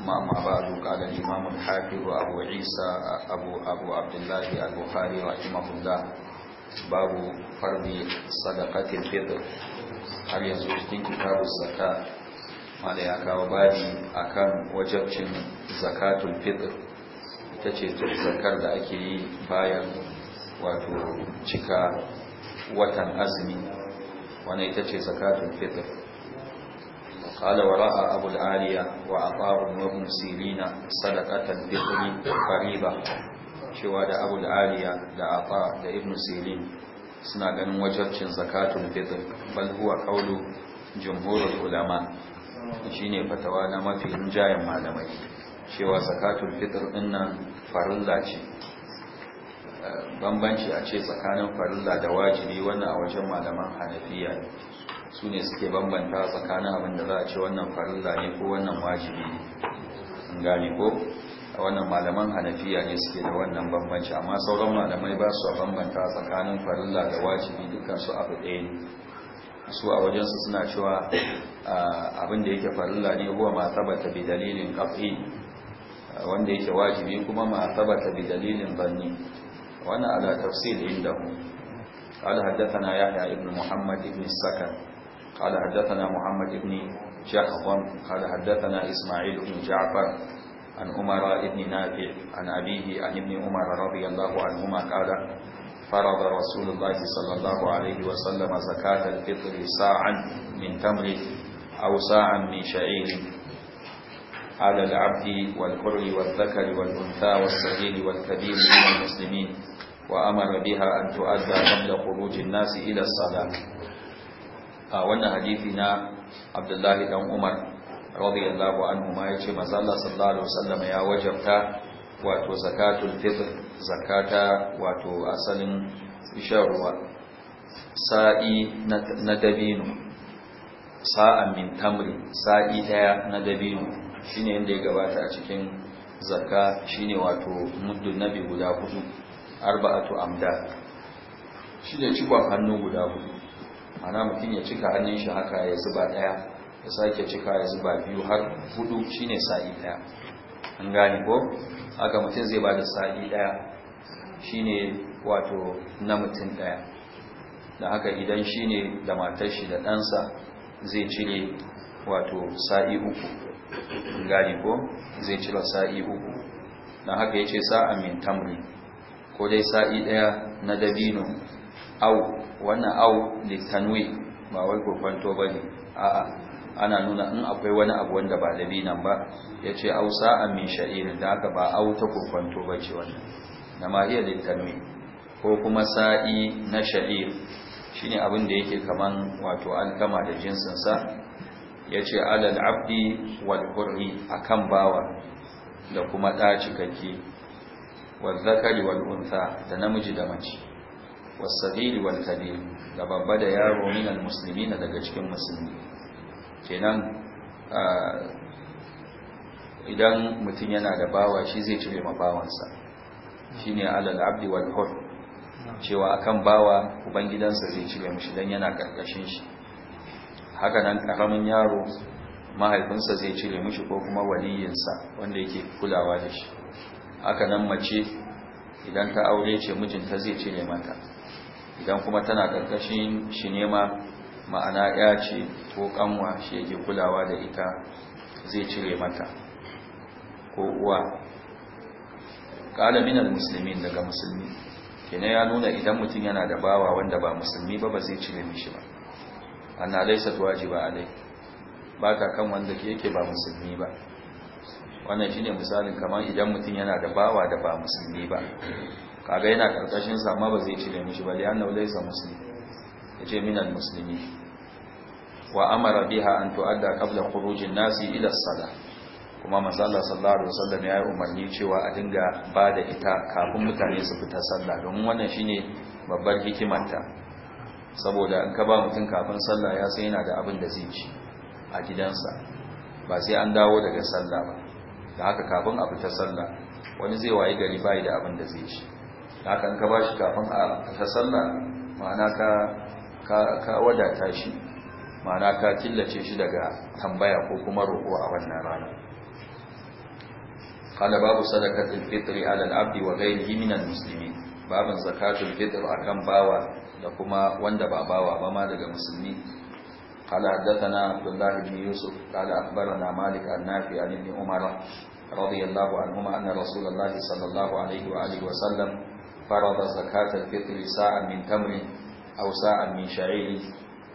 ثم أما بعد قال الإمام الحافظ أبو عيسى أبو, أبو عبد الله البخاري رحمه الله باب فرض صدقة الفطر هل يزوجتين كتاب الزكاة wanda ya kawo babi akan cin zakatul fitr ita ce zakar da ake yi bayan wato cika watan azumi wanda ita ce zakatul fitr قال a أبو العالية وعطاء وابن سيرين صدقة البقر قريبة da abu al'aliya da afa da ibn sirin suna ganin wajabcin zakatun fitr balhuwa kaulu jumhurul ulama shine fatawa na mafi rinjayen malamai cewa zakatun fitr dinnan farilla ce bambanci a ce tsakanin farilla da wajibi wannan a wajen malaman hanafiya su ne suke bambanta tsakanin abin da za a ce wannan farilla ne ko wannan wajibi ne gane ko a wannan malaman hanafiya ne suke da wannan bambanci amma sauran malamai ba su a bambanta tsakanin farilla da wajibi dukkan su abu ɗaya ne su a wajensu suna cewa abin da yake farilla ne huwa ma tabbata bi dalilin qat'i wanda yake wajibi kuma ma tabbata bi dalilin banni wannan ala tafsil indahu قال حدثنا يحيى بن محمد بن السكن قال حدثنا محمد بن جهضم قال حدثنا إسماعيل بن جعفر عن عمر بن نافع عن أبيه عن ابن عمر رضي الله عنهما قال فرض رسول الله صلى الله عليه وسلم زكاة الفطر ساعا من تمر أو ساعا من شعير على العبد والحر والذكر والأنثى والصغير والكبير من المسلمين وأمر بها أن تؤدى قبل خروج الناس إلى الصلاة a wannan hadisi na abdullahi dan umar radiyallahu anhu ma yace manzo Allah sallallahu alaihi wasallam ya wajabta wato zakatul fitr zakata wato asalin isharwa sa'i na dabino sa'an min tamri sa'i daya na dabino shine inda ya gabata a cikin zakka shine wato Muddu nabi guda hudu arba'atu amda shine cikon hannu guda hudu ana mutum ya cika hannun shi haka ya zuba daya ya sake cika ya zuba biyu har hudu shine sa'i daya an gane ko haka mutum zai bada sa'i daya shine wato na mutum daya da haka idan shine da matar shi da ɗansa zai cire wato sa'i uku gani ko zai cire sa'i uku na haka ya ce sa'a min tamri ko dai sa'i ɗaya na dabino au wannan au ne tanwi ba wai kokwanto ba ne a'a ana nuna in akwai wani abu wanda ba dabinan ba ya ce au sa'an min sha'irin da aka ba au ta kokwanto ba ce wannan na mahiyar littanwi ko kuma sa'i na sha'ir shi ne abin da yake kaman wato alkama da jinsinsa ya ce alal abdi wal hurri a kan bawa da kuma ɗa cikakke wal zakari wal da namiji da mace wasagiri wal kabir da babba da yaro minal muslimina daga cikin musulmi kenan idan mutum yana da bawa shi zai cire ma shine alal abdi wal cewa akan bawa ubangidansa zai cire mishi dan yana karkashin shi haka nan karamin yaro mahaifinsa zai cire mishi ko kuma waliyinsa wanda yake kulawa da shi haka nan mace idan ta aure ce mijinta zai cire mata idan kuma tana ƙarƙashin shi ma, ma'ana ya ce ko ƙanwa shi yake kulawa da ita zai cire mata ko uwa ƙalamin musulmin daga musulmi kene ya nuna idan mutum yana da bawa wanda ba musulmi ba ba zai cire mishi ba anna laysat wajiba alai baka kan wanda yake ba musulmi ba wannan shine misalin kamar idan mutum yana da bawa da ba musulmi ba kaga yana karkashin sa amma ba zai ci da mishi ba annahu laysa muslim yace min al-muslimi wa amara biha an tu'adda qabla khurujin nasi ila as kuma manzo Allah sallallahu alaihi wasallam ya yi umarni cewa a dinga bada ita kafin mutane su fita sallah don wannan shine babbar hikimarta saboda in ka ba mutum kafin sallah ya san yana da abin da zai ci a gidansa ba sai an dawo daga sallah ba da haka kafin a fita sallah wani zai wayi gari bai da abin da zai ci hakan ka bashi kafin a ta sallah ma'ana ka ka wadata shi ma'ana ka killace shi daga tambaya ko kuma roƙo a wannan rana babu fitri ala al-abdi wa ghayrihi min al-muslimin babin zakatul fitr akan bawa da kuma wanda ba bawa ba ma daga musulmi قال حدثنا عبد الله بن يوسف قال اخبرنا مالك النافع عن ابن عمر رضي الله عنهما ان رسول الله صلى الله عليه واله وسلم فرض زكاة الفطر ساعة من تمر أو ساعة من شعير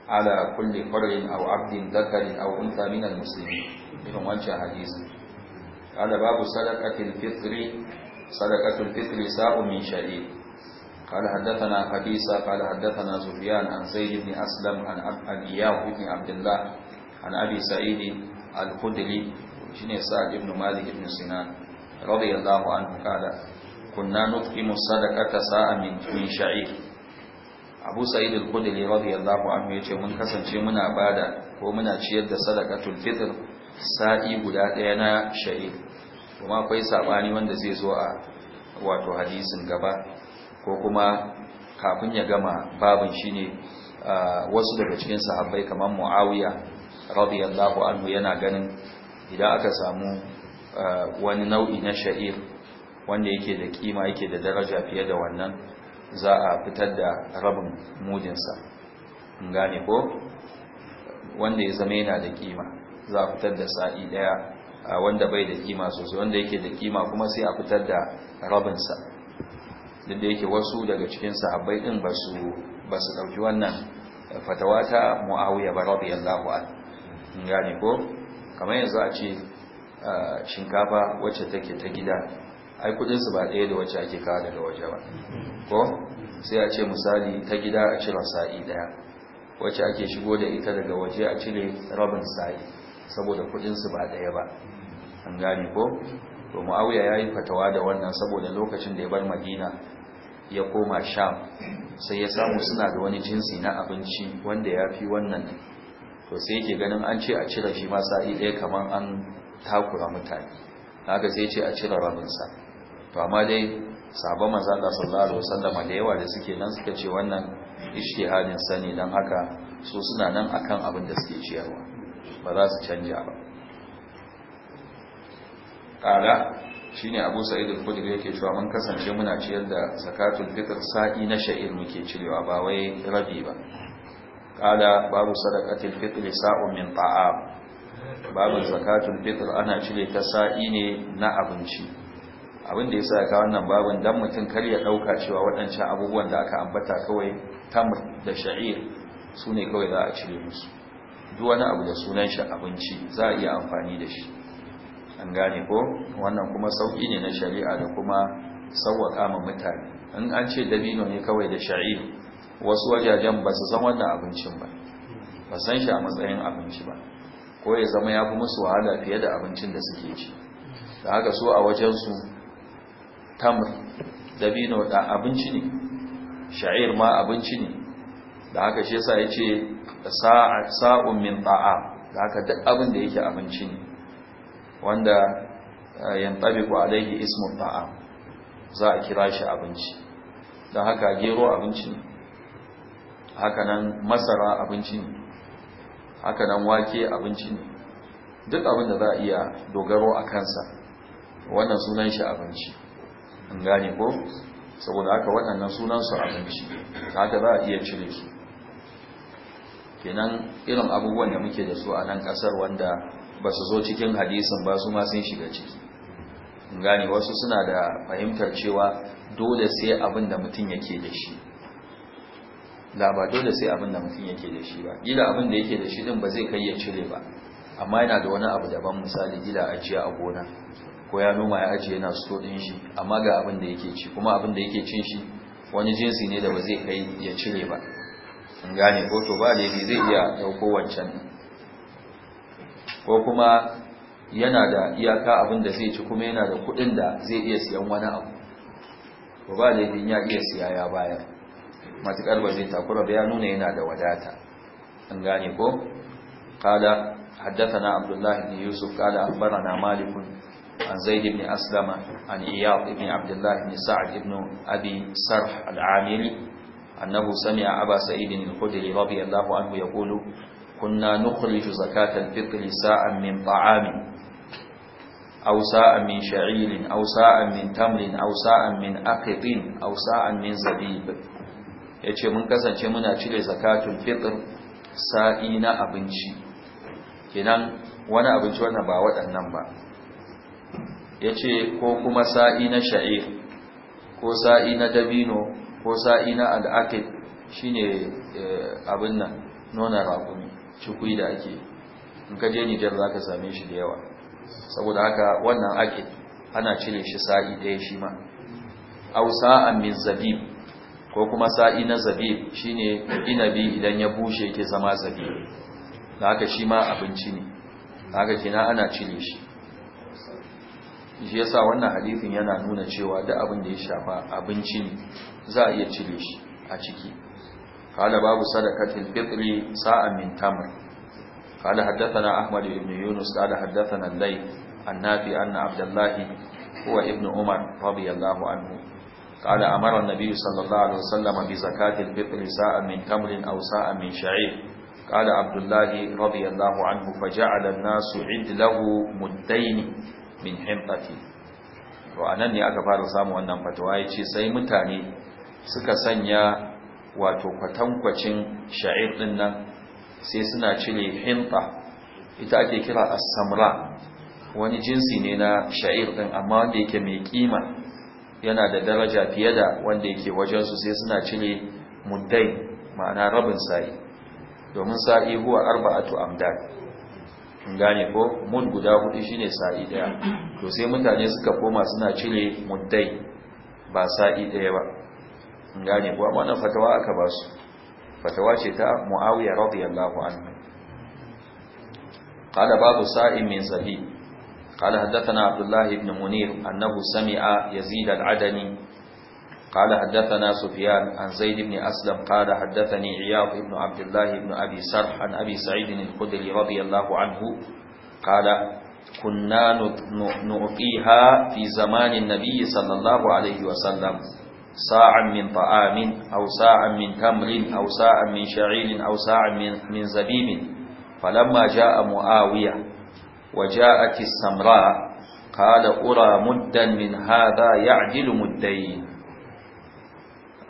على كل حر أو عبد ذكر أو أنثى من المسلمين من وجه حديث قال باب صدقة الفطر صدقة الفطر ساء من شعير قال حدثنا حديثا قال حدثنا سفيان عن زيد بن أسلم عن إياه بن عبد الله عن أبي سعيد الخدري شنو سعد بن مالك بن سنان رضي الله عنه قال kunna nutqimu sadaqata sa'a min min sha'ir Abu Sa'id al-Khudri radiyallahu anhu yace mun kasance muna bada ko muna ciyar da sadaqatul fitr sa'i guda daya na sha'ir kuma akwai sabani wanda zai zo a wato hadisin gaba ko kuma kafin ya gama babin shine wasu daga cikin sahabbai kamar Muawiya radiyallahu anhu yana ganin idan aka samu wani nau'i na sha'ir wanda yake da kima yake da daraja fiye da wannan za a fitar da rabin mudinsa gane ko wanda ya zama yana da kima za a fitar da sa'i daya wanda bai da kima sosai wanda yake da kima kuma sai a fitar da rabinsa duk da yake wasu daga cikin sahabbai din ba su ba su dauki wannan fatawa ta mu'awiya ba radiyallahu an gane ko kamar yanzu a ce shinkafa wacce take ta gida ai kudin su ba ɗaya da wacce ake kawo daga waje ba ko sai a ce misali ta gida a cire sa'i daya wacce ake shigo da ita daga waje a cire rabin sa'i saboda kudin ba ɗaya ba an gane ko to muawiya yayi fatawa da wannan saboda lokacin da ya bar madina ya koma sham sai ya samu suna da wani jinsi na abinci wanda ya fi wannan to sai yake ganin an ce a cire shi ma sa'i ɗaya kamar an takura mutane haka sai ce a cire rabin rabinsa to amma dai sabon manzo Allah sallallahu alaihi wasallam da yawa da suke nan suka ce wannan ishtihadin sani dan haka su suna nan akan abin da suke ciyarwa ba za su canja ba kala shine Abu Sa'id al-Khudri yake cewa mun kasance muna ciyar da zakatul fitr sa'i na sha'ir muke cirewa ba wai rabi ba Ƙala. babu sadaqatul fitr sa'un min ta'am babu zakatul fitr ana cire ta sa'i ne na abinci abin da ya ya ka wannan babin dan mutum kar ya dauka cewa waɗancan abubuwan da aka ambata kawai tamr da sha'ir sune kawai za a cire musu duk wani abu da sunan shi abinci za a iya amfani da shi an gane ko wannan kuma sauki ne na shari'a da kuma sauwaka ma mutane in an ce dabino ne kawai da sha'ir wasu wajajen ba su san wannan abincin ba ba san shi a matsayin abinci ba ko ya zama ya fi musu wahala fiye da abincin da suke ci da haka so a wajen su. tamr dabino da abinci ne sha'ir ma abinci ne da haka shi yasa yace sa'un min ta'a da haka duk abin da yake abinci ne wanda eh, yantabiqu alayhi ismu ta'a za a kira shi abinci da haka gero abinci ne haka nan masara abinci ne haka nan wake abinci ne duk abin da za a iya dogaro a kansa wannan sunan shi abinci in gane ko saboda haka waɗannan sunansu abinci haka za a iya cire su kenan irin abubuwan da muke da su a nan ƙasar wanda ba su zo cikin hadisin ba su ma sun shiga ciki in gane wasu suna da fahimtar cewa dole sai abin da mutum yake da shi da ba dole sai abin da mutum yake da shi ba gida abin da yake da shi din ba zai kai ya cire ba amma yana da wani abu daban misali gida ajiya a gona ko ya noma ya ajiye yana sto din shi amma ga abin da yake ci kuma abin da yake cin shi wani jinsi ne da ba zai kai ya cire ba in gane ko to ba laifi zai iya dauko wancan ko kuma yana da iyaka abin da zai ci kuma yana da kuɗin da zai iya siyan wani abu ko ba laifin ya iya siya ya bayar matuƙar ba zai takura ba ya nuna yana da wadata in gane ko Haddasa na Abdullahi ne Yusuf kada قال na malikun عن زيد بن أسلم عن إياط بن عبد الله بن سعد بن أبي سرح العامل أنه سمع أبا سعيد الخدري رضي الله عنه يقول كنا نخرج زكاة الفطر ساء من طعام أو ساء من شعير أو ساء من تمر أو ساء من أقط أو ساء من زبيب yace mun kasance muna cire zakatul fitr sa'i na abinci kenan wani abinci wannan ba waɗannan ba ya ce ko kuma sa'i na sha'ir ko sa'i na dabino ko sa'i na al'akid shi ne eh, abin nan nuna raƙumi cikui da ake in ka je nijar za ka same shi da yawa saboda haka wannan akid ana cire shi sa'i ɗaya shi ma au sa'an min zabib ko kuma sa'i na zabib shine inabi idan ya bushe yake zama zabib da haka shi ma abinci ne da haka kenan ana cire shi shi yasa wannan hadisin yana nuna cewa duk abin da ya shafa abinci ne za a iya cire shi a ciki kala babu sadaqatil fitri sa'an min tamr kala haddathana ahmad ibn yunus kala haddathana al-layth annabi anna abdullahi huwa ibn umar radiyallahu anhu قال أمر النبي صلى الله عليه وسلم بزكاة الفطر ساء من تمر أو ساء من شعير قال عبد الله رضي الله عنه فجعل الناس عدله مدين min himfati to a nan ne aka fara samu wannan fatawa yace ce sai mutane suka sanya wato kwatankwacin sha'ir ɗin nan sai suna cire himfa ita ake kira asamra wani jinsi ne na sha'ir ɗin amma wanda yake mai kima yana da daraja fiye da wanda yake wajen su sai suna cire muddai ma'ana rabin sa'i domin sa'i huwa arba'atu amdad gane ko mun guda hudu shine sa'i daya to sai mutane suka koma suna cire muddai ba sa'i daya ba gane ko amma nan fatawa aka ba su fatawa ce ta Muawiya radiyallahu anhu قال babu sa'i min زهيد قال haddathana Abdullah ibn Munir annahu sami'a Yazid al adani. قال حدثنا سفيان عن زيد بن أسلم قال حدثني عياض بن عبد الله بن أبي سرح عن أبي سعيد الخدري رضي الله عنه قال كنا نعطيها في زمان النبي صلى الله عليه وسلم ساعا من طعام أو ساعا من تمر أو ساعا من شعير أو ساعا من, من زبيب فلما جاء معاوية وجاءت السمراء قال أرى مدا من هذا يعدل مدين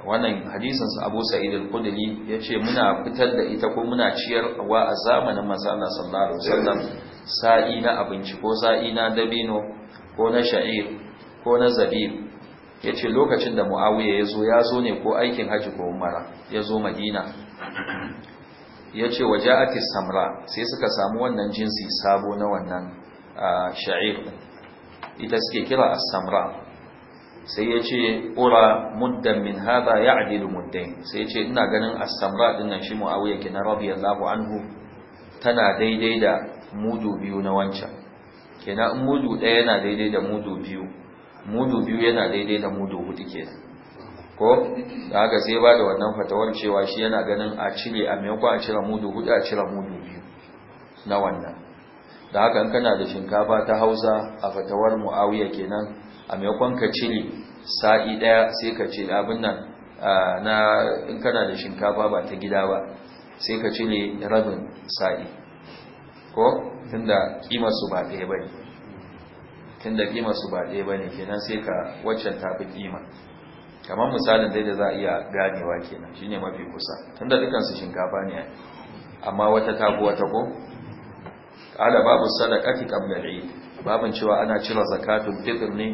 wannan hadisin sa Abu Sa'id al qudri yace muna fitar da ita ko muna ciyar wa a zamanin manzo Allah sallallahu alaihi wasallam sa'i na abinci ko sa'i na dabino ko na sha'ir ko na zabib yace lokacin da Muawiya yazo zo ne ko aikin haji ko umara yazo Madina yace waja'ati samra sai suka samu wannan jinsi sabo na wannan ah, sha'ir ita suke kira as-samra sai ya ce ƙura muddan min haɗa ya adilu muddan sai ya ce ina ganin ɗin ɗinnan shi mu'awiyar kina an hu tana daidai da mudu biyu na wancan kina in mudu ɗaya yana daidai da mudu biyu mudu biyu yana daidai da mudu hudu ke ko da haka sai ba da wannan fatawar cewa shi yana ganin a cire a maimakon a cire mudu hudu a cire mudu biyu na wannan da haka in kana da shinkafa ta hausa a fatawar mu'awiya kenan a maimakon ka cire sa'i daya sai ka ce abin nan na in kana da shinkafa ba ta gida ba sai ka cire rabin sa'i ko tunda kima su ba ɗaya bane tunda kima su ba ɗaya bane kenan sai ka waccan ta fi kima kamar misalin dai da za a iya ganewa kenan shine mafi kusa tunda dukan su shinkafa ne amma wata tafi wata ko qala babu sadaqati qabla al-eid babin cewa ana cire zakatun fitr ne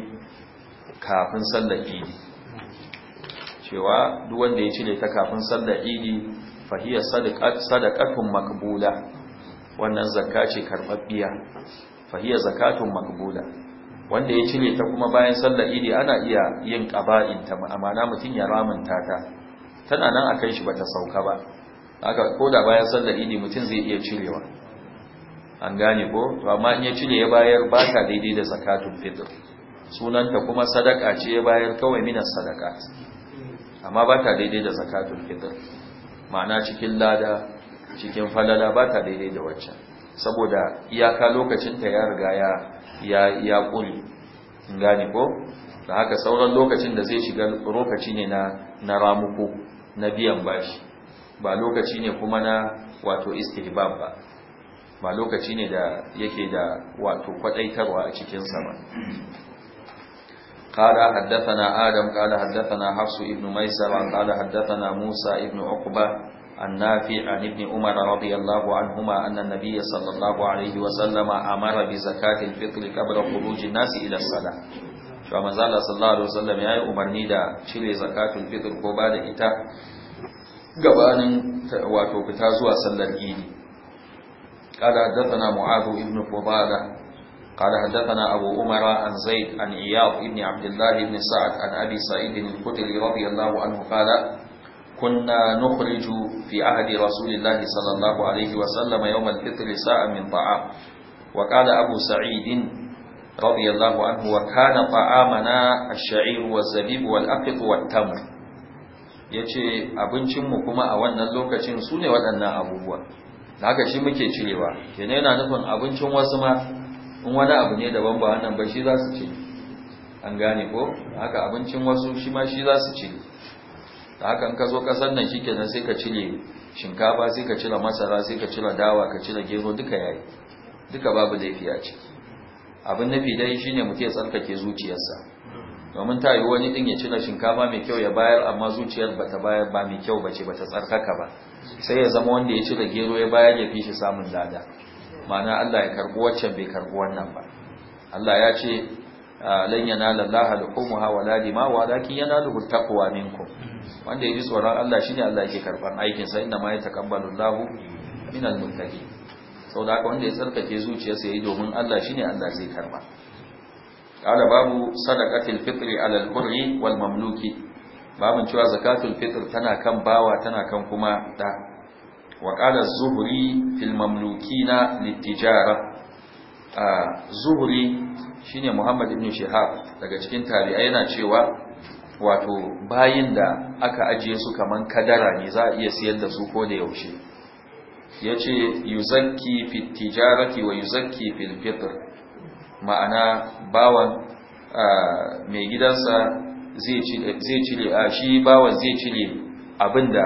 kafin sallar idi cewa duk wanda ya cire ta kafin sallar idi fahiya sadakatun sadaqatun maqbula wannan zakka ce karbabbiya fahiya zakatun maqbula wanda ya cire ta kuma bayan sallar idi ana iya yin qaba'in ta amana mutun ya ramunta ta tana nan akan shi bata sauka ba haka ko da bayan sallar idi mutun zai iya cirewa an gane ko to amma in ya cire ya bayar ba ka daidai da zakatun fitr sunanta kuma sadaka ce ya bayar kawai minas sadaka amma ba ka daidai da zakatun fitr ma'ana cikin lada cikin falala ba ka daidai da waccan saboda iyaka lokacinta ya riga ya ya kuli in gane ko da haka sauran lokacin da zai shiga lokaci ne na na ramuko na biyan bashi ba lokaci ne kuma na wato istihbab ba ba lokaci ne da yake da wato kwadaitarwa a cikinsa sa ba qala haddathana adam qala haddathana hafsu ibn maysar qala haddathana musa ibn uqba an nafi' umar radiyallahu anhuma anna an-nabiy sallallahu alayhi wa sallam amara bi zakati al-fitr qabl khuruj salah to amazala sallallahu alayhi wa sallam yayi umarni da cire Zakatun, al-fitr ko bada ita gabanin wato fita zuwa sallar idi قال حدثنا معاذ بن فضالة قال حدثنا أبو أمر عن زيد عن إياض بن عبد الله بن سعد عن أبي سعيد الخدري رضي الله عنه قال كنا نخرج في عهد رسول الله صلى الله عليه وسلم يوم الفطر ساعة من طعام وقال أبو سعيد رضي الله عنه وكان طعامنا الشعير والزبيب والأقط والتمر yace abincin mu kuma a wannan lokacin sune waɗannan abubuwa Da haka shi muke cirewa kenan yana nufin abincin wasu ma in wani abu ne daban ba wannan ba shi za su ci an gane ko haka abincin wasu shi ma shi za su ci da haka in ka zo kasar nan shikenan sai ka cire shinkafa sai ka cire masara sai ka cire dawa ka cire gero duka yayi duka babu laifi a ciki abin nufi dai shine mu ke tsarkake zuciyarsa domin ta yi wani din ya cina shinkafa mai kyau ya bayar amma zuciyar bata bayar ba mai kyau bace ta tsarkaka ba sai ya zama wanda ya cire gero ya bayar ya fi shi samun lada ma'ana Allah ya karbi waccan bai karbi wannan ba Allah ya ce lan yanala Allah al-humuha wala dima walakin yanalu taqwa minkum wanda ya ji tsoron Allah shine Allah yake karban aikin sa inna ma taqabbalu Allah minal muttaqin saboda wanda ya tsarkake zuciyarsa yayi domin Allah shine Allah zai karba قال باب صدقة الفطر على الحر والمملوك باب cewa zakatul fitr tana kan bawa tana kan kuma da wa qala zuhri fil mamlukina litijara zuhri shine Muhammad ibn Shihab daga cikin tabi'ai yana cewa wato bayin da aka ajiye su kaman kadara ne za a iya siyar da su ko da yaushe yace yuzakki fit tijarati wa yuzakki fil fitr ma'ana bawan mai gidansa zai cire a shi bawan zai cire abinda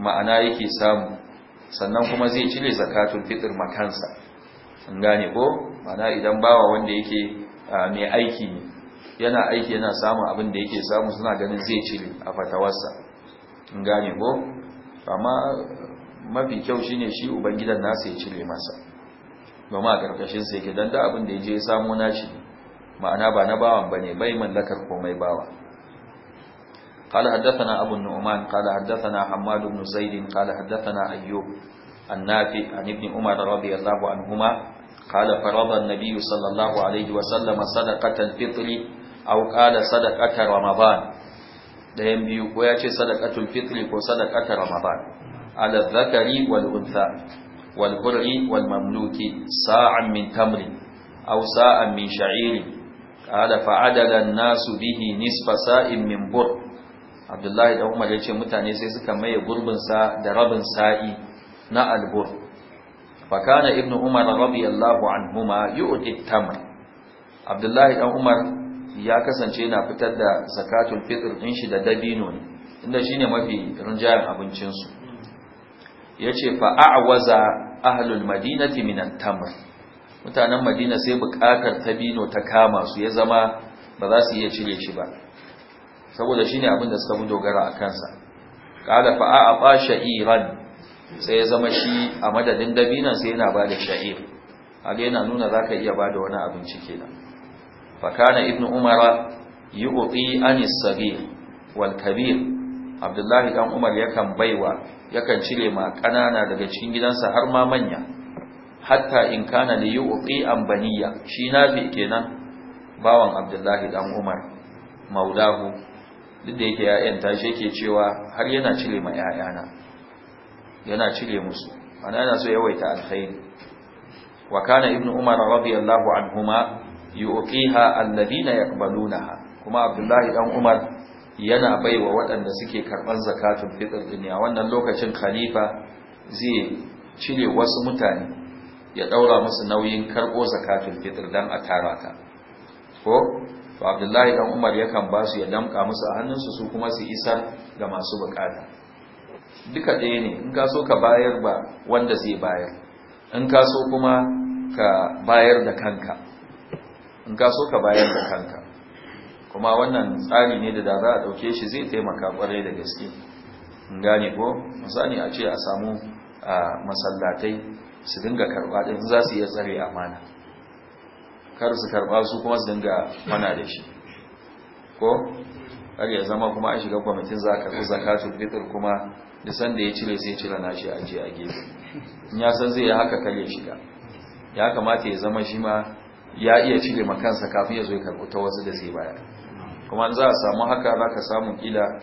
ma'ana yake samu sannan kuma zai cire zakatun fitir makansa sun gane ko ma'ana idan bawa wanda yake mai aiki ne yana aiki yana samun abin da yake samu suna ganin zai cire a fatawarsa in gane ko amma mafi kyau shi ne shi ubangidan nasa ya cire masa domin a ƙarƙashin sa yake dan da abin da ya je ya samu nashi ma'ana ba na bawan ne bai mallakar komai bawa قال حدثنا أبو النعمان قال حدثنا حماد بن زيد قال حدثنا أيوب النافع عن ابن عمر رضي الله عنهما قال فرض النبي صلى الله عليه وسلم صدقة الفطر أو قال صدقة رمضان ɗayan biyu ko ya ce sadakatul fitri ko sadakatar ramadan ala zakari wal untha wal hurri wal mamluki sa'an min tamrin aw sa'an min sha'irin qala fa'adala an-nasu bihi nisfa sa'in min bur Abdullahi da Umar yace mutane sai suka maye gurbin sa da rabin sa'i na albur fa kana ibnu Umar radiyallahu anhuma yu'ti tamr Abdullahi dan Umar ya kasance yana fitar da sakatun fitr din shi da dabino ne inda shine mafi rinjayen abincinsu. su yace fa a'waza ahlul madinati minan tamr mutanen madina sai bukatar tabino ta kama su ya zama ba za su iya cire shi ba saboda shine abin da suka mu dogara a kansa qala fa ba sha'iran sai ya zama shi a madadin dabinan sai yana bada sha'ir ga yana nuna zaka iya ba da wani abinci kenan fa kana ibnu umara yu'ti anis sabir wal kabir abdullahi dan umar yakan baiwa yakan cire ma kanana daga cikin gidansa har ma manya hatta in kana li yuqi an baniya shi nafi kenan bawan abdullahi dan umar Maudahu. duk da yake ya'yan ta yake cewa har yana cire ma ya'yana yana cire musu ana yana so yawaita alkhair wa kana ibnu umar radiyallahu anhuma yuqiha alladhina yaqbalunaha kuma abdullahi dan umar yana baiwa waɗanda suke karɓar zakatun fitar duniya a wannan lokacin khalifa zai cire wasu mutane ya ɗaura musu nauyin karɓo zakatun fitar don a tara ta ko to abdullahi ɗan umar yakan ba su ya damka musu a hannunsu su kuma su isar ga masu bukata duka ɗaya ne in ka so ka bayar ba wanda zai bayar in ka so kuma in ka so ka bayar da kanka kuma wannan tsari ne da da za a ɗauke shi zai taimaka kwarai da gaske gane ko misali a ce a samu masallatai su dinga karɓa ɗin za su iya tsare amana kar su karɓa su kuma su dinga mana da shi ko har ya zama kuma an shiga kwamitin za karɓi zakatul fitr kuma da sanda ya cire sai cire nashi a je a gefe in ya san zai yi haka kar ya shiga ya kamata ya zama shi ma ya iya cire ma kansa kafin ya zo ya karɓi ta wasu da zai bayar kuma za a samu haka za ka samu kila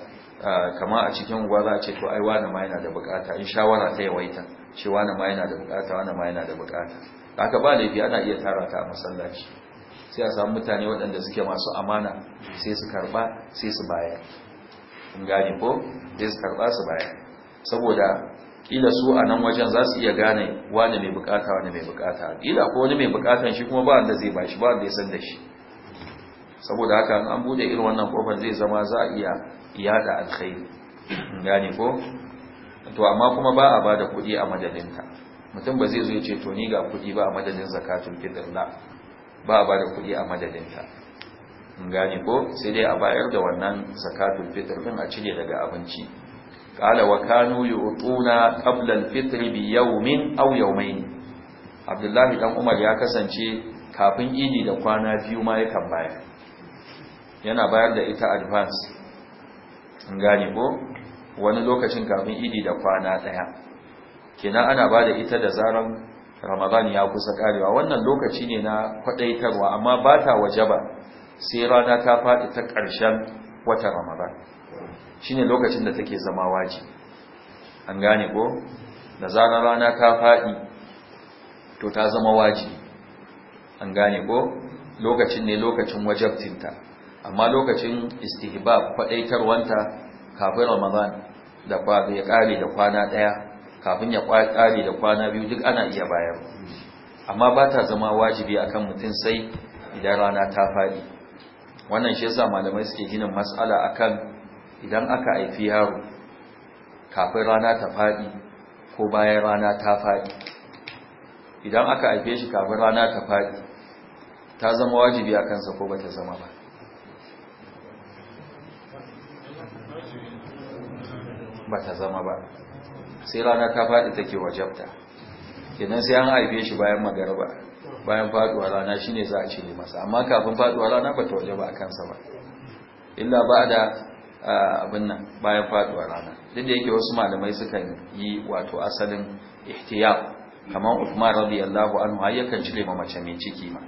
kama a cikin unguwa za a ce to ai wani ma yana da bukata in shawara ta yawaita ce wani ma yana da bukata wani ma yana da bukata haka ba laifi ana iya tara ta a masallaci sai a samu mutane waɗanda suke masu amana sai su karɓa sai su bayar in gane ko sai su karɓa su bayar saboda kila su a nan wajen za su iya gane wani mai bukata wani mai bukata kila ko wani mai bukatan shi kuma ba wanda zai ba shi ba wanda ya san da shi saboda haka an bude irin wannan kofar zai zama za a iya yada alkhairi gane ko to amma kuma ba a bada kuɗi a madadinta mutum ba zai zo ce to ni ga kuɗi ba a madadin zakatun fitr la ba a bada kuɗi a madadinta gane ko sai dai a bayar da wannan zakatun fitr din a cire daga abinci qala wa kanu yu'tuna qabla al-fitr bi yawmin aw yawmayn abdullahi dan umar ya kasance kafin idi da kwana biyu ma yakan bayar yana bayar da ita advance in gane ko wani lokacin kafin idi da kwana daya kenan ana ba da ita da zaran ramadan ya kusa karewa wannan lokaci ne na kwadaitarwa amma ba ta wajaba sai rana ta faɗi ta ƙarshen wata ramadan shine lokacin da take zama waji an gane ko da zaran rana ta faɗi to ta zama wajibi an gane ko lokacin ne lokacin wajabtinta amma lokacin istihbab wanta, kafin ramadan da ya kare da kwana daya kafin ya kare da kwana biyu duk ana iya bayar amma ba ta zama wajibi akan mutum sai idan rana ta fadi wannan shi yasa malamai suke ginin mas'ala akan idan aka haifi yaro kafin rana ta fadi ko bayan rana ta fadi idan aka haife shi kafin rana ta fadi ta zama wajibi a kansa ko ba ta zama ba ba ta zama ba sai rana ta faɗi take wajabta kenan sai an haife shi bayan magarba bayan faduwa rana shine za a cire masa amma kafin faduwa rana ba ta wajaba a kansa ba illa ba da abin nan bayan faduwa rana duk da yake wasu malamai sukan yi wato asalin ihtiyar kamar Uthman radiyallahu anhu har yakan cire ma mace mai ciki ma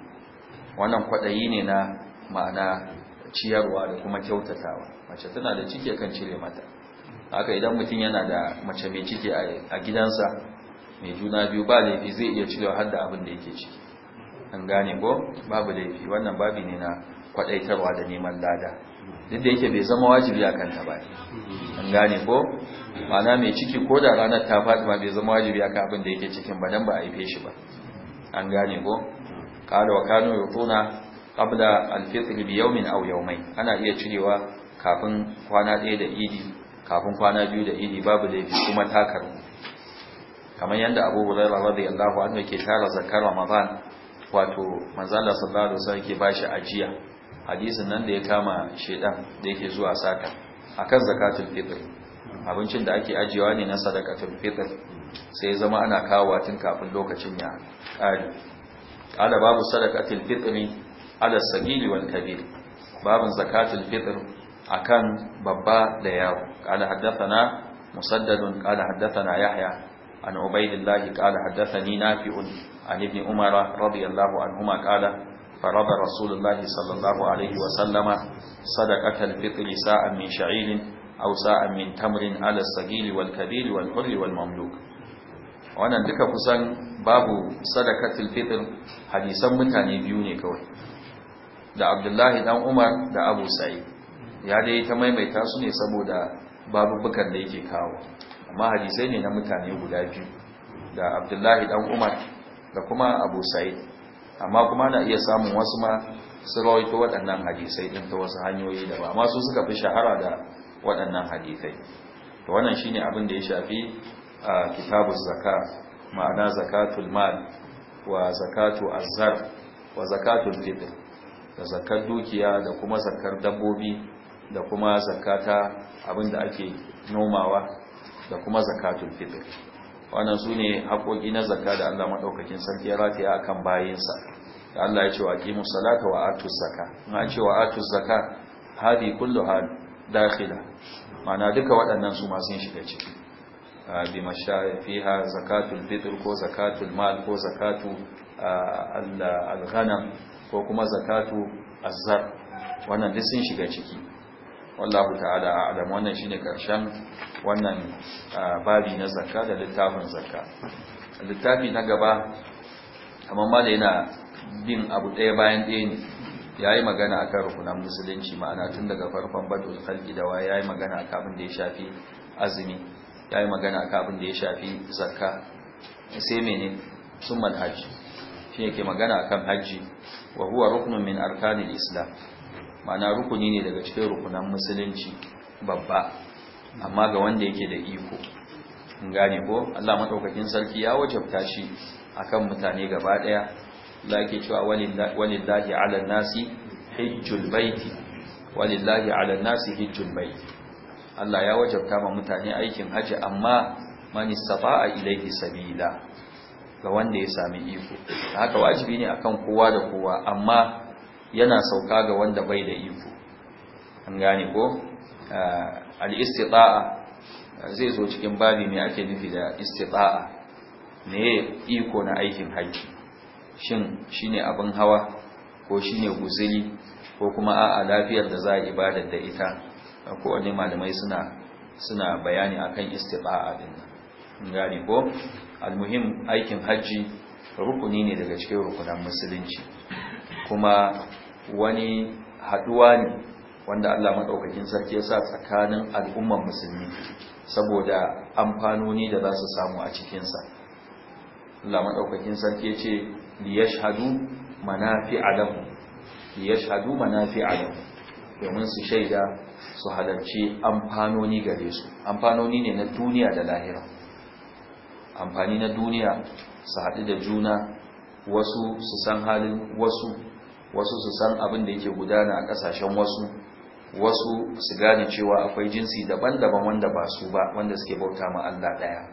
wannan kwaɗayi ne na ma'ana ciyarwa da kuma kyautatawa mace tana da ciki yakan cire mata haka idan mutum yana da mace mai ciki a gidansa mai juna biyu ba laifi zai iya cirewa har da abin da yake ciki an gane ko babu laifi wannan babi ne na kwadaitarwa da neman lada duk da yake bai zama wajibi a kanta ba an gane ko mana mai ciki ko da ranar ta faɗi ma bai zama wajibi a abin da yake cikin ba dan ba a haife shi ba an gane ko qala wa kanu yutuna qabla al-fitr bi yawmin aw yawmayn ana iya cirewa kafin kwana ɗaya da idi kafin kwana biyu da idi babu laifi kuma takar. kamar yadda abu hurairah radiyallahu anhu yake tara zakar ramadan wato manzo Allah sallallahu alaihi wasallam yake bashi ajiya hadisin nan da ya kama shedan da yake zuwa sata akan zakatul fitr abincin da ake ajiyawa ne na sadakatul fitr sai ya zama ana kawo tun kafin lokacin ya kare ala babu sadakatul fitr ala sabili wal kabir babin zakatul fitr akan babba da yawo qala haddathana musaddad qala haddathana yahya an ubaydillah qala haddathani nafi'un an ibn umar radiyallahu anhuma qala فرض رسول الله صلى الله عليه وسلم صدقة الفطر ساء من شعير أو ساء من تمر على الصغير والكبير والحر والمملوك wannan duka kusan babu sadakatul fitr hadisan mutane biyu ne kawai da Abdullahi dan Umar da Abu Sa'id ya dai ta maimaita su ne saboda babubukan da yake kawo amma hadisai ne na mutane guda biyu da abdullahi dan umar da kuma abu sa'id amma kuma na iya samun wasu ma su rawaito waɗannan hadisai ɗin ta wasu hanyoyi da ba amma suka fi shahara da waɗannan hadisai to wannan shine abin da ya shafi a kitabu zaka ma'ana zakatul mal wa zakatu azzar wa zakatul fitr da zakar dukiya da kuma zakar dabbobi da kuma zakata abinda ake nomawa da kuma zakatul fitr wannan sune haƙoƙi na zakka da Allah maɗaukakin sarki ya rataya akan bayinsa da Allah ya ce wa aqimu salata wa atu zakka na ce wa atu zakka hadi ha dakhila ma'ana duka waɗannan su ma sun shiga ciki bi mashaya fiha zakatul fitr ko zakatul mal ko zakatu al-ghanam ko kuma zakatu Azar. wannan duk sun shiga ciki wallahu ta'ala a'lam wannan shine karshen wannan babi na zakka da littafin zakka littafi na gaba kamar ma da yana bin abu ɗaya bayan ɗaya ne yayi magana akan rukunan musulunci ma'ana tun daga farkon badul khalqi da wa yayi magana akan abin da ya shafi azumi yayi magana akan abin da ya shafi zakka sai mene summal hajji shi yake magana akan hajji wa huwa ruknun min arkanil islam mana rukuni ne daga cikin rukunan musulunci babba amma ga wanda yake da iko gane ko Allah madaukakin sarki ya wajabta shi akan mutane gaba daya Allah yake cewa walillahi ala nasi hijjul baiti walillahi ala nasi hijjul baiti Allah ya wajabta ma mutane aikin haji amma man istafa'a ilayhi sabila ga wanda ya sami iko haka wajibi ne akan kowa da kowa amma yana sauka ga wanda bai da iko an gane ko ah, al-istita'a zai zo cikin babi ne ake nufi da istita'a ne iko na aikin haji shin shine abin hawa ko shine guzuri ko kuma a'a lafiyar da za a ibadar da ita kowane malamai suna suna bayani akan istita'a din nan gane ko Al al-muhim aikin haji rukuni ne daga cikin rukunan musulunci kuma wani haduwa ne wanda Allah madaukakin sarki ya sa tsakanin al'umman musulmi saboda amfanoni da za su samu a cikinsa Allah madaukakin sarki ya ce Manafi manafi'a lahum liyashhadu Manafi lahum domin su shaida su halarci amfanoni gare su amfanoni ne na duniya da lahira amfani na duniya su haɗu da juna wasu su san halin wasu wasu su san abin da yake gudana a kasashen wasu wasu su gane cewa akwai jinsi daban-daban wanda ba su ba wanda suke bauta ma Allah daya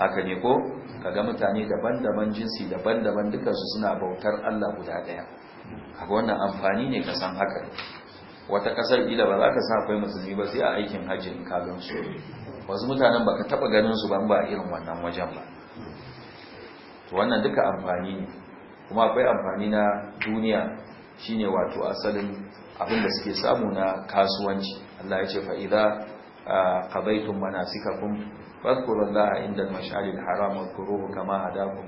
haka ne ko kaga mutane daban-daban jinsi daban-daban dukansu suna bautar Allah guda daya kaga wannan amfani ne ka san haka wata kasar kila ba za ka san akwai musulmi ba sai a aikin hajji in ka su wasu mutanen baka taba ganin su ban ba irin wannan wajen ba to wannan duka amfani ne kuma akwai amfani na duniya shine wato asalin abin da suke samu na kasuwanci Allah ya ce fa idza manasikakum fadhkurullaha inda al-mash'aril haram wadhkuruhu kama hadakum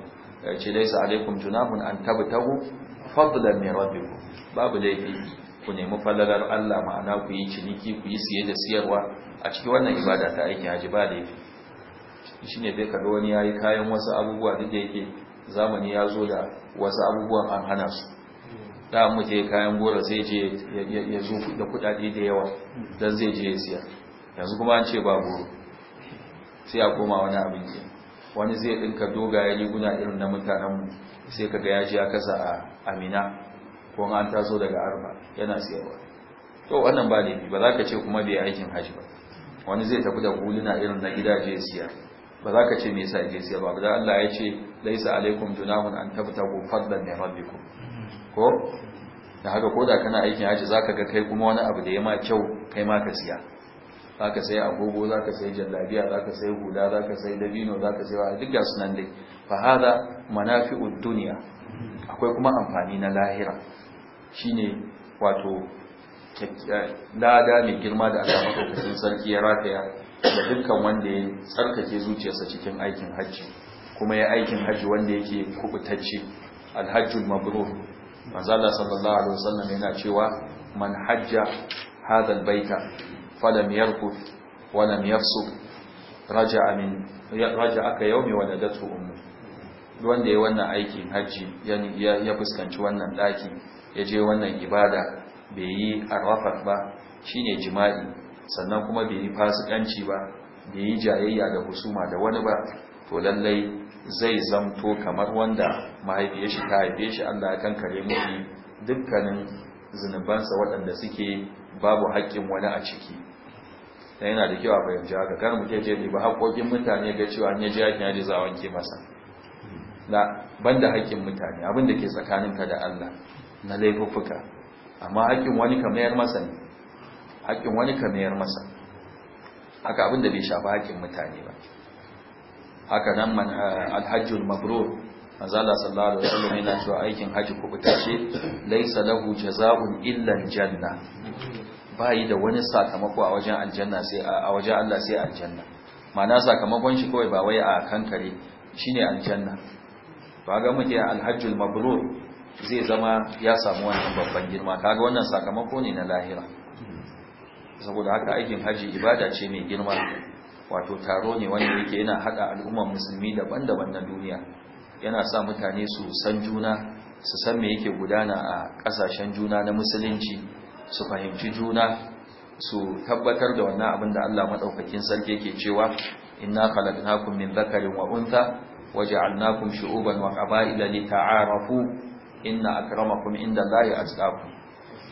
ce laysa alaykum junahun an tabtagu fadlan min rabbikum babu laifi ku nemi falalar Allah ma'ana ku yi ciniki ku yi siye da siyarwa a cikin wannan ibada ta aiki haji ba laifi shine bai kaga wani yayi kayan wasu abubuwa duk da yake zamani ya zo da wasu abubuwan an hana su da mu kayan gora zai je ya zo da kudade da yawa don zai je ya siya yanzu kuma an ce ba goro sai a koma wani abin ke wani zai ɗinka dogayen riguna irin na mutanenmu sai ka ga ya ji ya kasa a amina ko an taso daga arba yana siyarwa to wannan ba laifi ba za ka ce kuma bai aikin hajji ba wani zai tafi da huluna irin na gidaje siya ba za ka ce me yasa je siya ba da Allah ya ce laisa alaikum junahun an tabtagu fadlan min rabbikum ko da haka ko da kana aikin haji zaka ga kai kuma wani abu da ya ma kyau kai ma ka siya zaka sai agogo zaka sai jallabiya zaka sai hula zaka sai dabino zaka sai wa duk ga sunan dai fa hada manafi'ud dunya akwai kuma amfani na lahira shine wato lada mai girma da Allah madaukakin sarki ya rataya da dukkan wanda ya tsarkake zuciyarsa cikin aikin hajji kuma ya aikin haji wanda yake kubutacce alhajjul mabrur manzala sallallahu alaihi wasallam yana cewa man hajja hadha albayta falam yarkuf wa lam yafsuq raja'a min raja'a ka yawmi waladatu ummu wanda ya wannan aikin hajji, ya fuskanci wannan daki ya je wannan ibada bai yi arrafat ba shine jima'i sannan kuma bai yi fasikanci ba bai yi jayayya da husuma da wani ba to lallai zai zamto kamar wanda mahaifiyar shi ta haife shi Allah ya kankare mai dukkanin zunubansa waɗanda suke babu haƙƙin wani a ciki da yana da kyau a fahimci haka kar mu ne ba haƙoƙin mutane ga cewa an ya ji haƙƙin ya za a wanke masa ban banda haƙƙin mutane abin da ke tsakaninka da Allah na laifuffuka amma haƙƙin wani ka mayar masa ne haƙƙin wani ka mayar masa haka abin da bai shafi haƙƙin mutane ba haka nan eh, alhajjul mabrur manzala sallallahu alaihi wasallam yana cewa aikin haji kubutacce laysa lahu jazaa'un illa aljanna bai da wani sakamako a wajen aljanna sai a wajen Allah sai aljanna ma'ana sakamakon shi kawai ba wai a kankare shine aljanna to ga muke alhajjul mabrur zai zama ya samu wannan babban girma kaga wannan sakamako ne na lahira saboda haka aikin haji ibada ce mai girma wato taro ne wanda yake yana haɗa al'umman musulmi daban-daban na duniya yana sa mutane su san juna su san me yake gudana a ƙasashen juna na musulunci su fahimci juna su tabbatar da wannan abin da Allah madaukakin sarki yake cewa inna khalaqnakum min dhakarin wa untha waja'alnakum shu'uban wa qaba'ila lita'arafu inna akramakum indallahi atqakum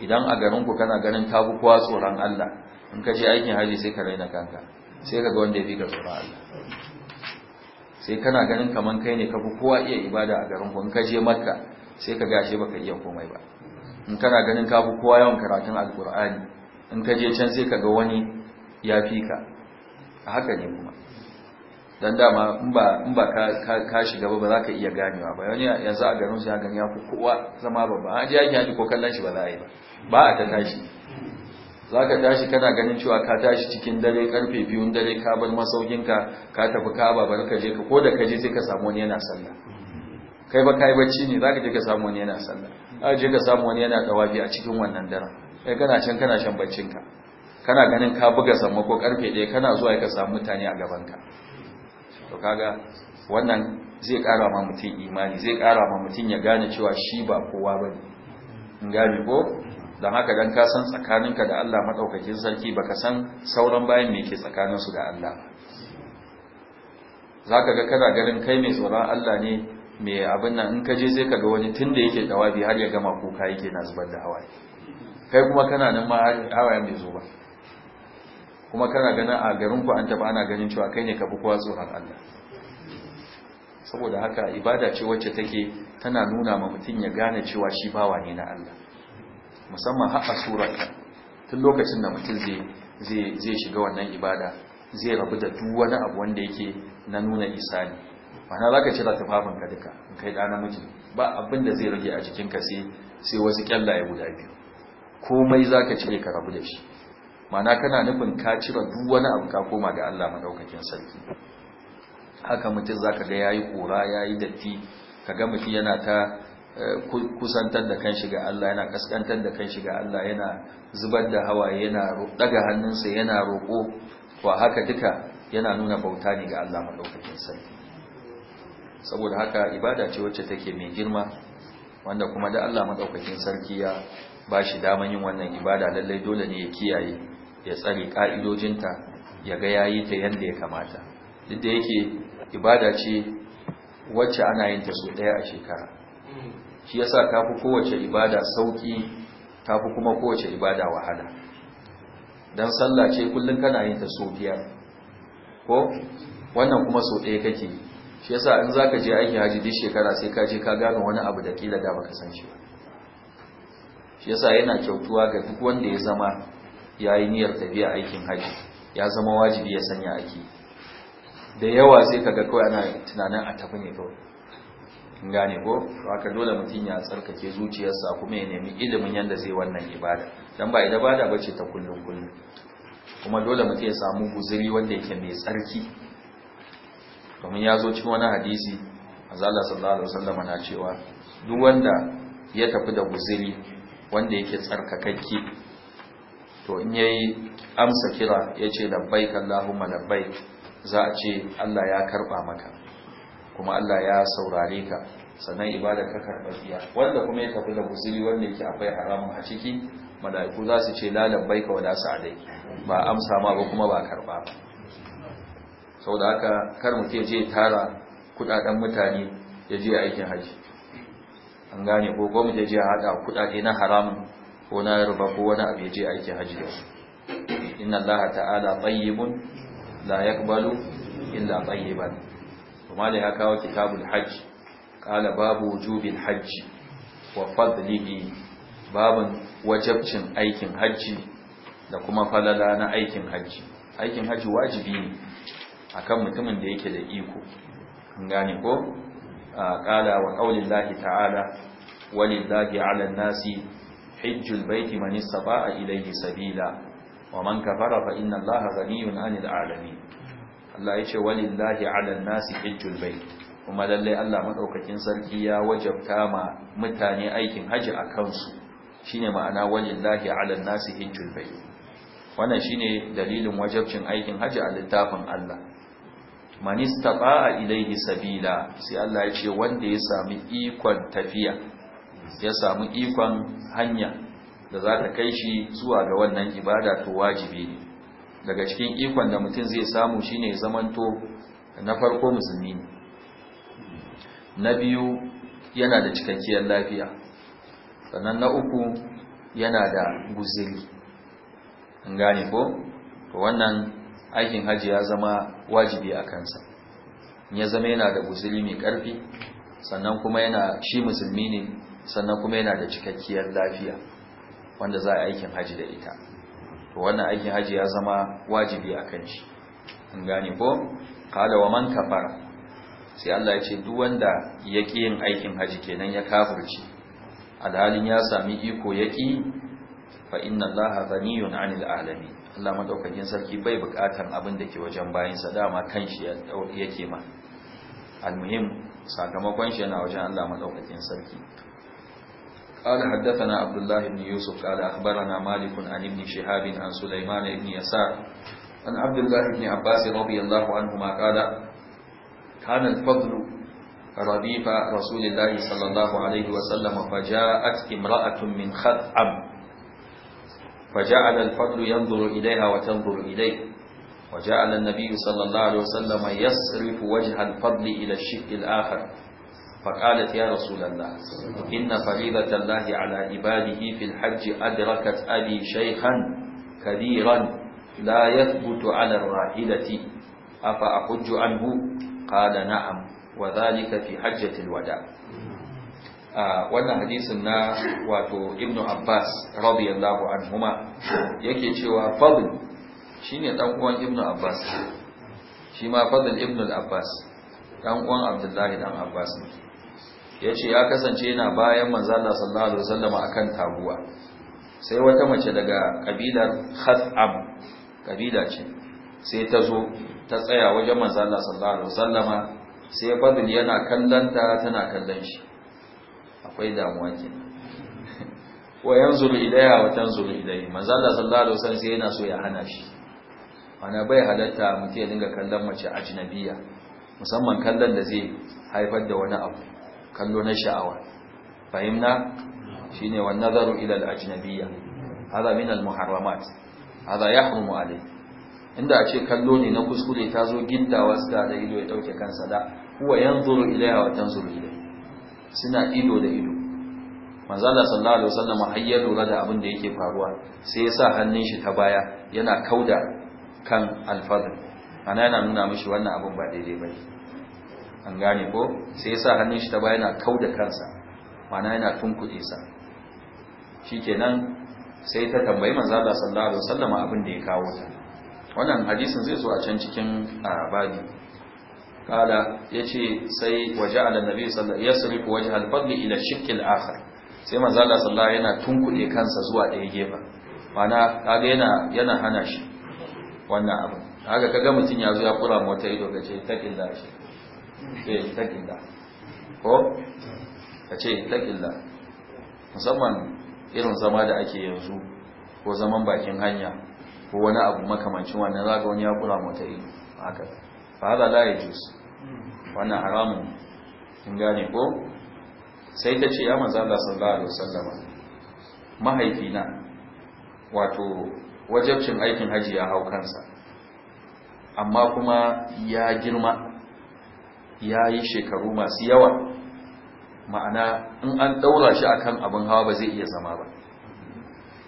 idan a garin ku kana ganin tabu kwa tsoron Allah in ka je aikin haji sai ka raina kanka sai ga wanda ya fi ka tsoron Allah sai kana ganin kaman kai ne ka fi kowa iya ibada a garin ku in ka je makka sai ka gashe baka iya komai ba in kana ganin ka fi kowa yawan karatun alkur'ani in ka je can sai ka ga wani ya fi ka a haka ne kuma dan dama in ba in ba ka ka shiga ba ba za ka iya ganewa ba wani yanzu a garin su ya gani ya fi kowa zama babba an ji yaki ko kallon shi ba za a yi ba ba a ta tashi za ka tashi kana ganin cewa ka tashi cikin dare karfe biyun dare ka bar masaukinka ka tafi ka ba bar ka je ka ko da ka je sai ka samu wani yana sallah kai ba kai bacci ne za ka je ka samu wani yana sallah a je ka samu wani yana tawafi a cikin wannan dare kai kana can kana shan baccinka kana ganin ka buga samma ko karfe ɗaya kana zuwa ka samu mutane a gaban ka. to kaga wannan zai ƙara ma mutum imani zai ƙara ma mutum ya gane cewa shi ba kowa ba ne gane ko don haka dan ka san tsakaninka da Allah madaukakin sarki baka san sauran bayan me ke tsakaninsu da Allah zaka ga kana garin kai mai tsoron Allah ne mai abin nan in ka je sai ka ga wani tunda yake dawabi har ya gama kuka yake na zubar da hawaye kai kuma kana nan ma hawaye mai zuba? ba kuma kana ganin a garin ku an taba ana ganin cewa kai ne ka bi kowa tsoron Allah saboda haka ibada ce wacce take tana nuna ma mutum ya gane cewa shi bawa ne na Allah musamman haɗa surar tun lokacin da mutum zai shiga wannan ibada zai rabu da duk wani abu wanda yake na nuna isa ne mana za ka cira tufafinka duka in kai ɗa namiji ba abin da zai rage a jikinka sai wasu ya guda biyu komai za ka cire ka rabu da shi mana kana nufin ka cire duk wani abu ka koma ga Allah maɗaukakin sarki haka mutum za ka ga ya yi ƙura ya yi datti ka ga mutum yana ta kusantar da kanshi ga Allah yana kaskantar da kanshi ga Allah yana zubar da hawaye yana daga hannunsa yana roƙo wa haka duka yana nuna bauta ne ga Allah madaukakin sarki saboda haka ibada ce wacce take mai girma wanda kuma da Allah madaukakin sarki ya ba shi daman yin wannan ibada lallai dole ne ya kiyaye ya tsare ka'idojinta ya ga yayi ta yadda ya kamata duk da yake ibada ce wacce ana yin ta so daya a shekara shi yasa tafi kowace ibada sauki tafi kuma kowace ibada wahala dan sallah ce kullun kana yin ta so ko wannan kuma so ɗaya kake yi shi yasa in zaka je aiki haji duk shekara sai ka je ka gane wani abu da kila da baka san shi ba shi yasa yana kyautuwa ga duk wanda ya zama yayi niyyar tafiya aikin haji ya zama wajibi ya sanya aiki da yawa sai kaga kawai ana tunanin a tafi ne kawai gane ko haka dole mutum ya tsarkake zuciyarsa kuma ya nemi ilimin yadda zai wannan ibada Don ba ibada bace ta kullum kullum kuma dole mutum ya samu guzuri wanda yake mai tsarki domin ya zo cikin wani hadisi zala sallallahu alaihi wasallam na cewa duk wanda ya tafi da guzuri wanda yake tsarkakakke to in yayi amsa kira yace labbaik allahumma labbaik za a ce Allah ya karba maka kuma Allah ya saurare ka sannan ibada ka jiya. wanda kuma ya tafi da guzuri wanda yake akwai haramun a ciki mala'iku za su ce lalambai ka wada dai, ba amsa ma ba kuma ba karɓa sau da haka kar mu ke je tara kudaden mutane ya je aikin haji an gane ko gwamnati ya je haɗa kudade na haramun ko na riba ko wani abu ya je aikin haji da su inna allaha ta'ala tayyibun la yaqbalu illa tayyiban kuma da ya kawo kitabul hajji kala babu wujubin hajji wa fadlihi babin wajabcin aikin hajji da kuma falala na aikin hajji aikin hajji wajibi ne akan mutumin da yake da iko an gane ko kala wa qaulin ta'ala walillahi 'alan nasi hajjul baiti man istata'a ilayhi sabila wa man kafara fa inna allaha ghaniyun 'anil 'alamin Allah ya ce walillahi ala nasi hajjul bait kuma lalle Allah madaukakin sarki ya wajabta ma mutane aikin haji a kansu shine ma'ana walillahi ala nasi hajjul bait wannan shine dalilin wajabcin aikin haji a littafin Allah man a ilayhi sabila sai Allah ya ce wanda ya sami ikon tafiya ya samu ikon hanya da za ta kai shi zuwa ga wannan ibada to wajibi ne daga cikin ikon da mutum zai samu shine zamanto na farko musulmi ne na biyu yana da cikakkiyar lafiya sannan na uku yana da guziri an gane ko to wannan aikin haji ya zama wajibi a kansa ya zama yana da guziri mai karfi sannan kuma yana shi musulmi ne sannan kuma yana da cikakkiyar lafiya wanda za a aikin hajji da ita to wannan aikin haji ya zama wajibi a kan shi an gane ko kala wa man kafara sai Allah ya ce duk wanda ya yin aikin haji kenan ya kafirci alhalin ya sami iko yaƙi. fa inna Allah ghaniyun 'anil 'alami Allah madaukakin sarki bai bukatan abin da ke wajen sa dama shi yake ma almuhim sakamakon shi yana wajen Allah madaukakin sarki قال حدثنا عبد الله بن يوسف قال أخبرنا مالك عن ابن شهاب عن سليمان بن يسار عن عبد الله بن عباس رضي الله عنهما قال كان الفضل رديف رسول الله صلى الله عليه وسلم فجاءت امرأة من خثعم فجعل الفضل ينظر إليها وتنظر إليه وجعل النبي صلى الله عليه وسلم يصرف وجه الفضل إلى الشق الآخر فقالت يا رسول الله إن فريضة الله على عباده في الحج أدركت أبي شيخا كبيرا لا يثبت على الراحلة أفأحج عنه قال نعم وذلك في حجة الوداع wannan hadisin na wato ibn abbas radiyallahu anhuma yake cewa fadl shine dan uwan ibn abbas shi ma fadl ibn al-abbas dan uwan abdullahi dan abbas ne ce ya kasance yana bayan manzo sallallahu alaihi wasallama akan taguwa sai wata mace daga kabilar Khatham kabila ce sai ta zo ta tsaya wajen manzo sallallahu alaihi wasallama sai fadil yana kallanta tana kallon shi akwai damuwa ke. wa yanzuru ilayya wa tanzu ilayhi manzo Allah sallallahu alaihi wasallam sai yana so ya hana shi ana bai halatta mutum ya dinga kallon mace ajnabiya musamman kallon da zai haifar da wani abu kallo na sha'awa fahimna shine wan nazaru ila al ajnabiyya hada min al muharramat hada yahrumu alai inda a ce kallo ne na kuskure ta zo gindawa suka da ido ya dauke kansa da huwa yanzuru ilaiha wa tanzuru ilaihi suna ido da ido manzala sallallahu alaihi wasallam har ya lura da abin da yake faruwa sai ya sa hannun shi ta baya yana kauda kan alfadl ana yana nuna mishi wannan abin ba daidai bane an gane ko sai yasa hannun shi ta baya yana kauda kansa mana yana tunkuɗe sa nan sai ta tambayi manzo Allah sallallahu alaihi wasallam abin da ya kawo ta wannan hadisin zai zo a can cikin babi kala yace sai waja'ala nabi sallallahu alaihi wasallam yasrifu wajha al-fadl ila shikil akhar sai manzo Allah sallallahu alaihi yana tunkuɗe kansa zuwa ɗaya gefe mana kaga yana yana hana shi wannan abin kaga kaga mutun yazo ya kura mota ido kace takilla shi sai ittaqilla ko kace ittaqilla musamman irin zama da ake yanzu ko zaman bakin hanya ko wani abu makamancin wannan zaka wani ya kula mota ido haka fa hada la jus. wannan haramun in gane ko sai ta ce ya manzo da sallallahu alaihi wasallama mahaifina wato wajabcin aikin haji ya hau kansa amma kuma ya girma ya yi shekaru masu yawa ma'ana in an ɗaura shi akan abin hawa ba zai iya zama ba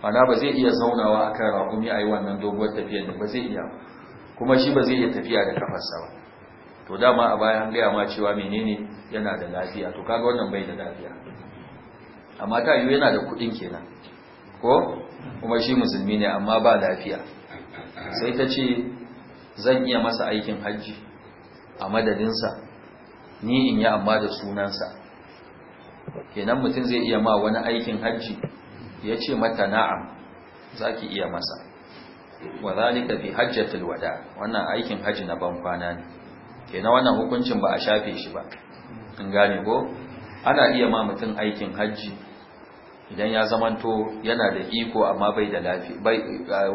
ma'ana ba zai iya zaunawa kan raƙumi a yi wannan doguwar tafiyar da ba zai iya kuma shi ba zai iya tafiya da kafarsa ba to dama a bayan gaya ma cewa menene yana da lafiya to kaga wannan bai da lafiya amma ta yiwu yana da kuɗin kenan ko kuma shi musulmi ne amma ba lafiya sai ta ce zan iya masa aikin hajji a madadinsa ni in yi amma da sunansa kenan mutum zai iya ma wani aikin hajji ya ce mata na'am za ki iya masa wa zalika fi hajjatul wada wannan aikin hajji na ban kwana ne kenan wannan hukuncin ba a shafe shi ba in gane ko ana iya ma mutum aikin hajji idan ya zamanto yana da iko amma bai da lafiya bai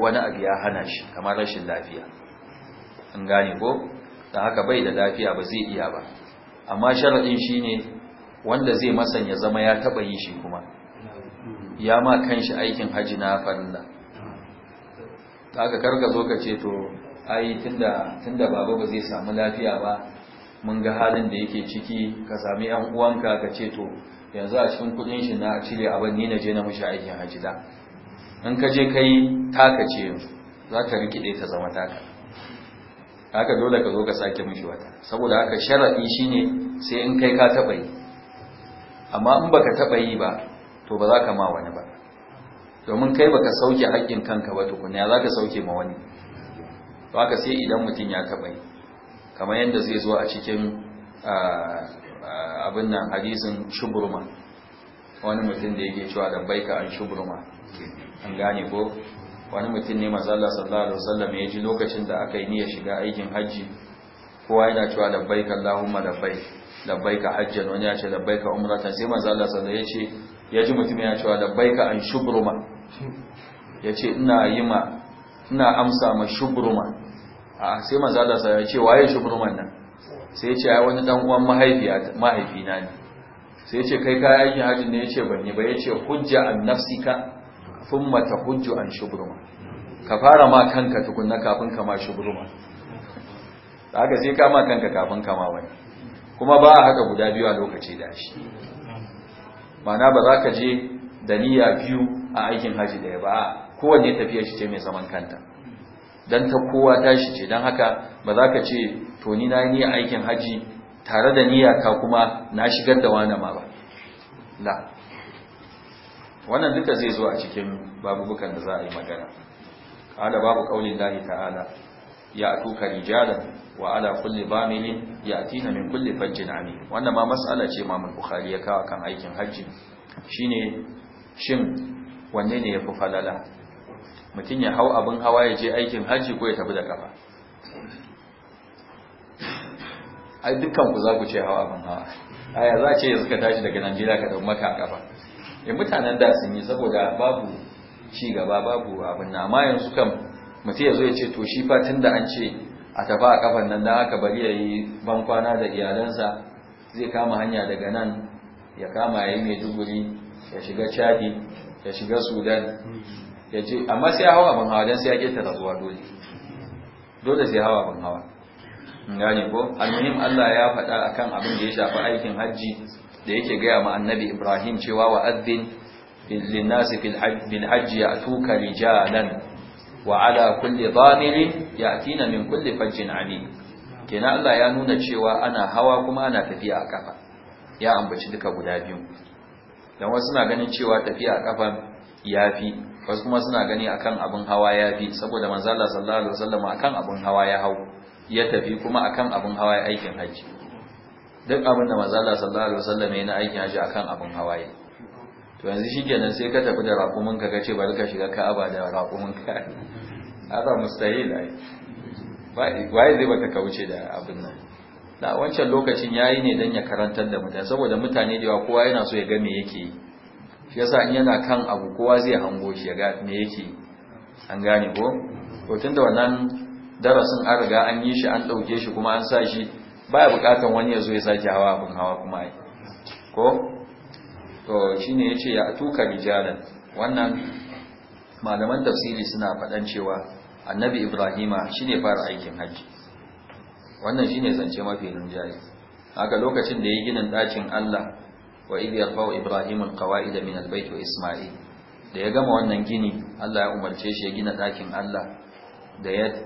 wani abu ya hana shi kamar rashin lafiya in gane ko dan haka bai da lafiya ba zai iya ba amma sharaɗin shi ne wanda zai masan ya zama ya taɓa yi shi kuma ya ma kan shi aikin haji na farilla ta aka karka zo ka ce to ai tunda baba ba zai samu lafiya ba mun ga halin da yake ciki ka sami yan uwanka ka ce to yanzu a cikin kudin shi na cire abin ni na je na mushi aikin haji da in ka je kai taka ce za ta rikide ta zama taka haka dole ka zo ka sake mishi wata saboda haka sharaɗi shine sai in kai ka taɓa yi amma in baka taɓa yi ba to ba za ka ma wani ba domin kai baka sauke haƙƙin kanka ba tukuna za ka sauke ma wani to haka sai idan mutum ya taɓa yi kamar yadda zai zo a cikin abin nan hadisin shuburma wani mutum da yake cewa da baika an shuburma an gane ko wani mutum ne mazala sallallahu alaihi wasallam ya ji lokacin da aka yi niyyar shiga aikin hajji kowa yana cewa labbaika allahumma labbaik labbaika hajjan wani ya ce labbaika umratan sai mazala sallallahu ya ce ya ji mutum ya cewa labbaika an shubruma ya ce ina yi ma ina amsa ma shubruma a sai mazala sallallahu ya ce waye shubruman nan sai ya ce ai wani dan uwan mahaifina ne sai ya ce kai kayan aikin hajji ne ya ce ban yi ba ya ce hujja an nafsika thumma tahujju an shubruma ka fara ma kanka tukunna kafin ka ma shubruma haka sai ka ma kanka kafin ka ma wani kuma ba haka guda biyu a lokaci da shi mana ba za ka je da niyya biyu a aikin haji daya ba kowanne tafiya shi ce mai zaman kanta dan ta kowa tashi ce dan haka ba za ka ce to ni na niyya aikin haji tare da niyya ka kuma na shigar da wani ma ba la wannan duka zai zo a cikin babubukan da za a yi magana ala babu kaulin lahi ta'ala ya atu karijala wa ala kulli bamilin ya atina min kulli fajjin ami wannan ma mas'ala ce ma mun bukhari ya kawo kan aikin hajji shine shin wanne ne yafi falala mutum ya hau abin hawa ya je aikin hajji ko ya tafi da kafa ai dukkan ku za ku ce hau abin hawa aya za ce yanzu ka tashi daga Najeriya ka dau maka kafa ya eh, mutanen da sun yi saboda babu ci gaba babu abin na amma yanzu kan mutum ya zo ya ce to shi fa tun da an ce a tafa a kafan nan da aka bari ya yi ban kwana da iyalansa zai kama hanya daga nan ya kama ya yi mai duguri ya shiga chadi ya shiga sudan ya ce amma sai hawa abin hawa don sai ya keta zuwa dole dole sai hawa abin hawa gane ko almuhim Allah ya faɗa akan abin da ya shafi aikin hajji da yake gaya ma annabi ibrahim cewa wa addin linnasi bil tuka ya'tuka rijalan wa ala kulli dhamirin ya'tina min kulli fajjin ali kenan Allah ya nuna cewa ana hawa kuma ana tafiya a kafa ya ambaci duka guda biyu dan wasu na ganin cewa tafiya a kafa yafi wasu kuma suna gani akan abin hawa yafi saboda manzo Allah sallallahu alaihi wasallam akan abin hawa ya hau ya tafi kuma akan abin hawa ya aikin hajji. duk abin da manzala sallallahu alaihi wasallam yana aikin haji akan abin hawaye to yanzu shikenan sai ka tafi da raƙumin ka kace bari ka shiga aba da raƙumin ka hada mustahil ai waye zai baka kauce da abin nan Da, wancan lokacin yayi ne dan ya karantar da mutane saboda mutane da yawa kowa yana so ya ga me yake yi shi yasa in yana kan abu kowa zai hango shi ya ga me yake an gane ko to tunda wannan darasin an riga an yi shi an dauke shi kuma an sa shi baya bukatan wani ya zo ya sake hawa abin hawa kuma ai ko to shine yace ya atuka rijalan wannan malaman tafsiri suna faɗan cewa annabi ibrahima shine fara aikin haji wannan shine zance mafi rinjaye haka lokacin da ya ginin ɗakin Allah wa idh ibrahim ibrahimu alqawa'ida min albayt wa isma'il da ya gama wannan gini Allah ya umarce shi ya gina ɗakin Allah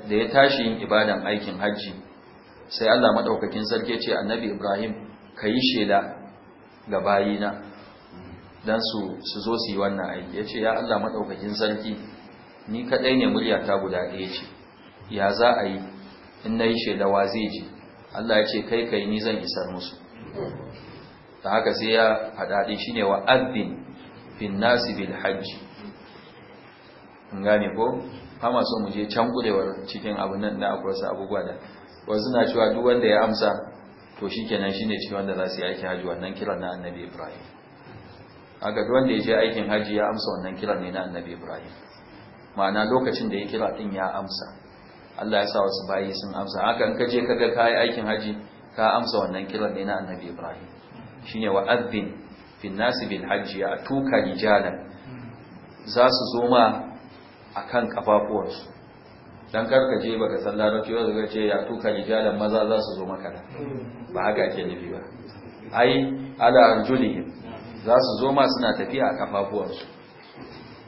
da ya tashi yin ibadan aikin hajji. sai Allah madaukakin sarki ce annabi Ibrahim kayi shela ga bayina dan su zo su yi wannan aiki yace ya Allah madaukakin sarki ni kadai ne murya ta guda ɗaya ce ya za a yi in nayi shela wa zai ji Allah yace, kai kai ni zan isar musu ta haka sai ya faɗa din shine wa addin fin nasi bil hajji in gane ko kama so mu je can gudewar cikin abu nan da akwai wasu abubuwa da wasu na cewa duk wanda ya amsa to shikenan shine cikin wanda za su yi aikin haji wannan kiran na annabi ibrahim haka duk wanda ya je aikin haji ya amsa wannan kiran ne na annabi ibrahim ma'ana lokacin da ya kira din ya amsa Allah ya sa wasu bayi sun amsa haka in ka je kaga kai aikin haji ka amsa wannan kiran ne na annabi ibrahim shine wa'adbin fin nasi bil hajji ya tuka rijalan za su zo ma akan kafafuwarsu dan je baka san ba ba zaka ce ya tuka rijalan maza za su zo maka ba haka ake nufi ba ai ala arjulihim za su zo ma suna tafiya a kafafuwansu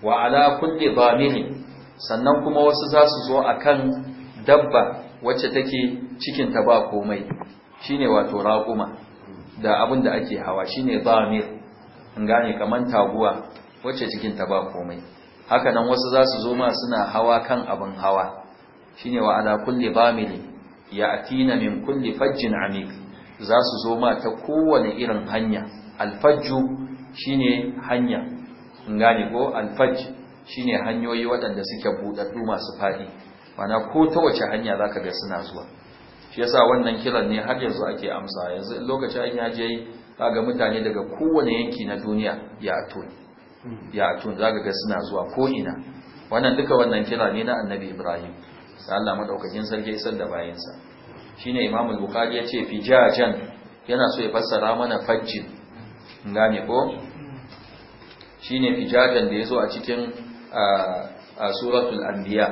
wa ala kulli damirin sannan kuma wasu za su zo akan dabba wacce take cikin ta ba komai shine wato raquma da abin da ake hawa shine damir in gane kaman taguwa wacce cikin ta ba komai haka nan wasu za su zo ma suna hawa kan abin hawa shine wa ala kulli bamili ya'tina min kulli fajjin amik za su zo ma ta kowane irin hanya alfajju shine hanya gane ko alfajj shine hanyoyi waɗanda suke buɗaɗɗu masu faɗi mana ko ta wace hanya zaka ga suna zuwa shi yasa wannan kiran ne har yanzu ake amsa yanzu lokacin an yaje kaga mutane daga kowane yanki na duniya ya to ya atun zaka ga suna zuwa ko ina wannan duka wannan kira ne na annabi Ibrahim sai Allah madaukakin sarki ya san da bayansa shine Imam al-Bukhari yace fijajan yana so ya fassara mana fajjin Nga ne ko shine fijajan da yazo a cikin suratul anbiya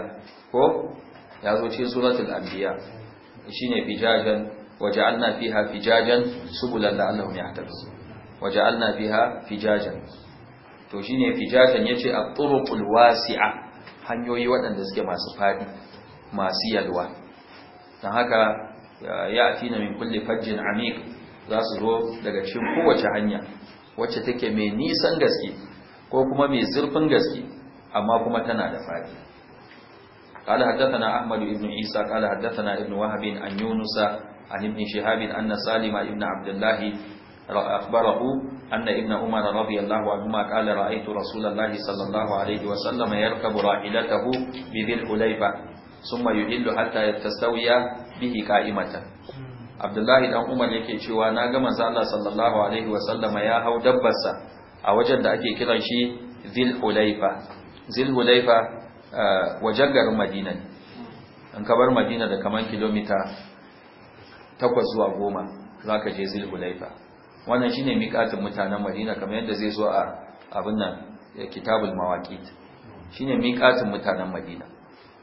ko yazo cikin suratul anbiya shine fijajan waja'alna fiha fijajan subulan la'annahum yahtadun waja'alna fiha fijajan to shine fijajan yace at-turuqul wasi'a hanyoyi waɗanda suke masu fadi masu yalwa don haka ya atina min kulli fajjin amik za su zo daga cikin kowace hanya wacce take mai nisan gaske ko kuma mai zurfin gaske amma kuma tana da fadi قال حدثنا أحمد بن عيسى قال حدثنا ابن وهب عن يونس عن ابن شهاب أن سالم ابن عبد الله أخبره أن ابن عمر رضي الله عنهما قال رأيت رسول الله صلى الله عليه وسلم يركب راحلته بذي الحليفة summa yuhillu hatta yastawiya bihi qa'imatan Abdullahi dan Umar yake cewa na ga manzo Allah sallallahu alaihi wa sallama ya hau dabbarsa a wajen da ake kiran shi Zil Hulaifa Zil Hulaifa wajen garin Madina ne an kabar Madina da kaman kilomita 8 zuwa 10 zaka je Zil Hulaifa wannan shine miƙatun mutanen Madina kamar yadda zai zo a abin nan kitabul mawaqit shine miƙatun mutanen Madina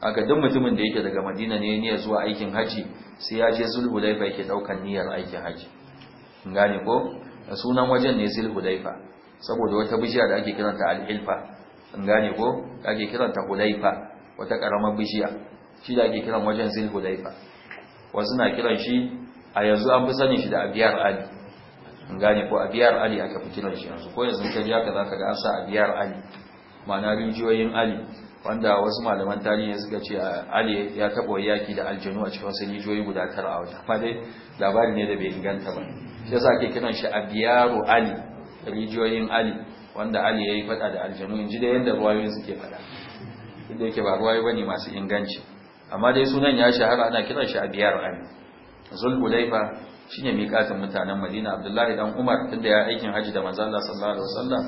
aka duk mutumin da yake daga madina ne ya zuwa aikin haji sai ya je zulhudaifa yake daukan niyyar aikin haji gane ko sunan wajen ne zulhudaifa saboda wata bishiya da ake kiranta al ilfa gane ko ake kiranta hulaifa wata karamar bishiya shi da ake kiran wajen zulhudaifa wasu na kiran shi a yanzu an fi sanin shi da abiyar ali gane ko abiyar ali aka fi kiran shi yanzu ko yanzu kan ya ka zaka ga an sa abiyar ali ma'ana rijiyoyin ali wanda wasu malaman tarihi suka ce ali ya taɓa yaki da aljanu a cikin wasu rijiyoyi guda tara a wata amma dai labari ne da bai inganta ba shi yasa ake kiran shi abiyaru ali rijiyoyin ali wanda ali ya yi faɗa da aljanu in ji da yadda ruwayoyin suke faɗa inda yake ba ruwayo ba ne masu inganci amma dai sunan ya shahara ana kiran shi abiyaru ali zulhulaifa shine miƙatin mutanen Madina Abdullahi dan Umar tunda ya aikin hajji da manzo Allah sallallahu alaihi wasallam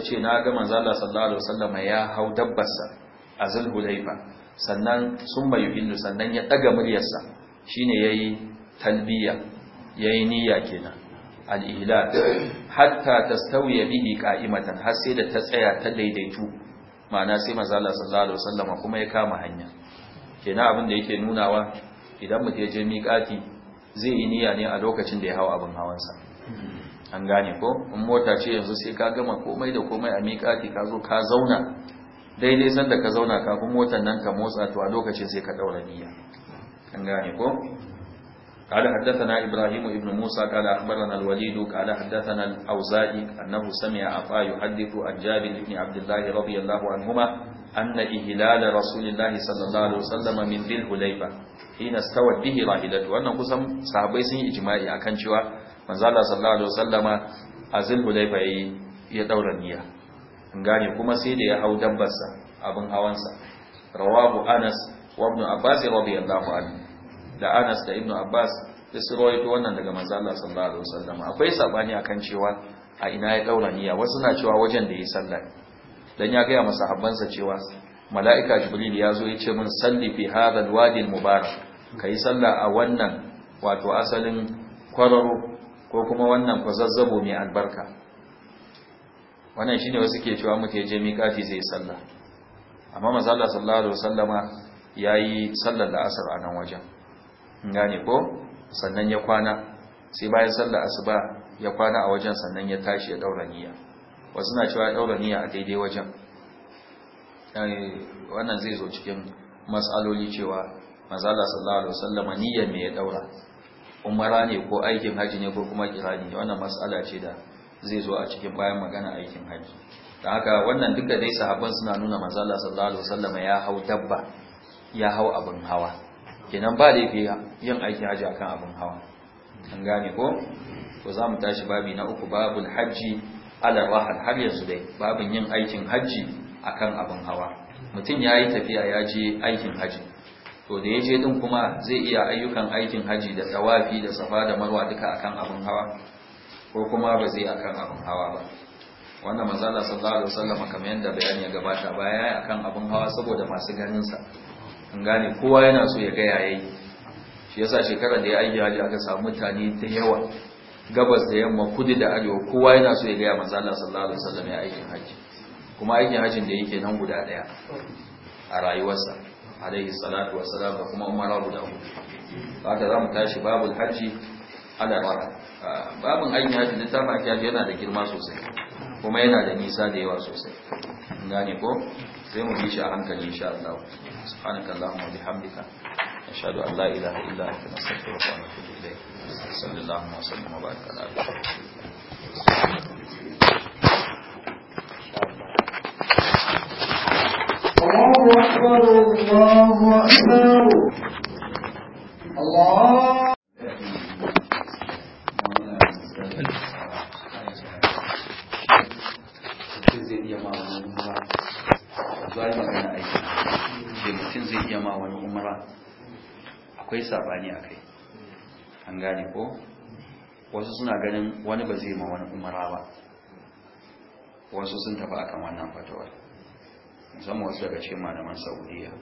ce na ga manzo Allah sallallahu alaihi wasallam ya hau dabbarsa a zulhulaifa sannan sun bayu illu sannan ya ɗaga muryarsa shi ne ya yi talbiya yayi niyya kenan al hatta hatta sauya bihi ƙa'imatan, har sai da ta tsaya ta daidaitu ma'ana sai mazala sallallahu sallama kuma ya kama hanya kenan abin da yake nunawa idan mutu ya je miƙati zai yi niyya ne a lokacin da ya hau abin hawansa an gane ko in mota ce yanzu sai ka gama komai da komai a miƙati ka zo ka zauna daidai sanda ka zauna kafin motar nan ka motsa to a lokacin sai ka daura niyya an gane ko قال حدثنا إبراهيم بن موسى قال أخبرنا الوليد قال حدثنا الأوزائي أنه سمع أفا يحدث عن جابر بن عبد الله رضي الله عنهما أن إهلال رسول الله صلى الله عليه وسلم من ذي الحليفة حين استوت به راحلته أنه قسم صحابي سن إجماعي أكن شوى من صلى الله عليه وسلم أزل حليفة يدور النية gane kuma sai da ya hau dabbarsa abin hawansa rawahu anas wa ibn abbas radiyallahu anhu da anas da ibn abbas da su rawaito wannan daga manzo Allah sallallahu alaihi wasallam akwai sabani akan cewa a ina ya daura niyya wasu na cewa wajen da ya sallah dan ya ga masahabbansa cewa mala'ika jibril ya zo ya ce min salli fi hadha alwadi almubarak kai sallah a wannan wato asalin kwararo ko kuma wannan fazazzabo mai albarka wannan shine wasu ke cewa mutum ya je miƙati zai sallah amma manzo sallallahu alaihi wasallama yayi sallar la'asar a nan wajen gane ko sannan ya kwana sai bayan sallar asuba ya kwana a wajen sannan ya tashi ya daura niyya wasu na cewa ya daura niyya a daidai wajen eh, wannan zai zo cikin mas'aloli cewa manzo sallallahu alaihi wasallama niyyar me ya daura umara ne ko aikin haji ne ko kuma kirani wannan mas'ala ce da zai zo a cikin bayan magana aikin haji da haka wannan duka dai sahabban suna nuna mazala sallallahu alaihi wasallam ya hau dabba ya hau abin hawa kenan ba yake yin aikin haji akan abin hawa an gane ko to za mu tashi babi na uku babul haji ala rahal har yanzu dai babin yin aikin haji akan abin hawa mutum ya yi tafiya ya je aikin haji. to da ya je din kuma zai iya ayyukan aikin haji da tawafi da safa da marwa duka akan abin hawa ko kuma ba zai akan abin hawa ba wannan manzala sallallahu alaihi wasallam kamar yadda bayani ya gabata baya akan abin hawa saboda masu ganin sa an gane kowa yana so ya ga yayi shi yasa shekarar da ya aiki haji aka samu mutane da yawa gabas da yamma kudu da arewa kowa yana so ya ga manzala sallallahu alaihi wasallam ya aikin haji kuma aikin hajin da yake nan guda daya a rayuwarsa alaihi salatu wassalam da kuma umara guda uku haka zamu tashi babul haji ana ba babin aikin haji littafin aikin haji yana da girma sosai kuma yana da nisa da yawa sosai gane ko sai mu bishi a hankali insha Allah subhanaka allahumma wa bihamdika ashhadu an la ilaha illa anta astaghfiruka wa atubu ilayk sallallahu alaihi wa sallam wa baraka ala الله أكبر الله أكبر الله zo ai aiki da mutum zai iya ma wani umara akwai sabani a kai. an gane ko wasu suna ganin wani ba zai ma wani umara ba wasu sun tafi a kan wannan fatawa musamman wasu daga cikin malaman saudiya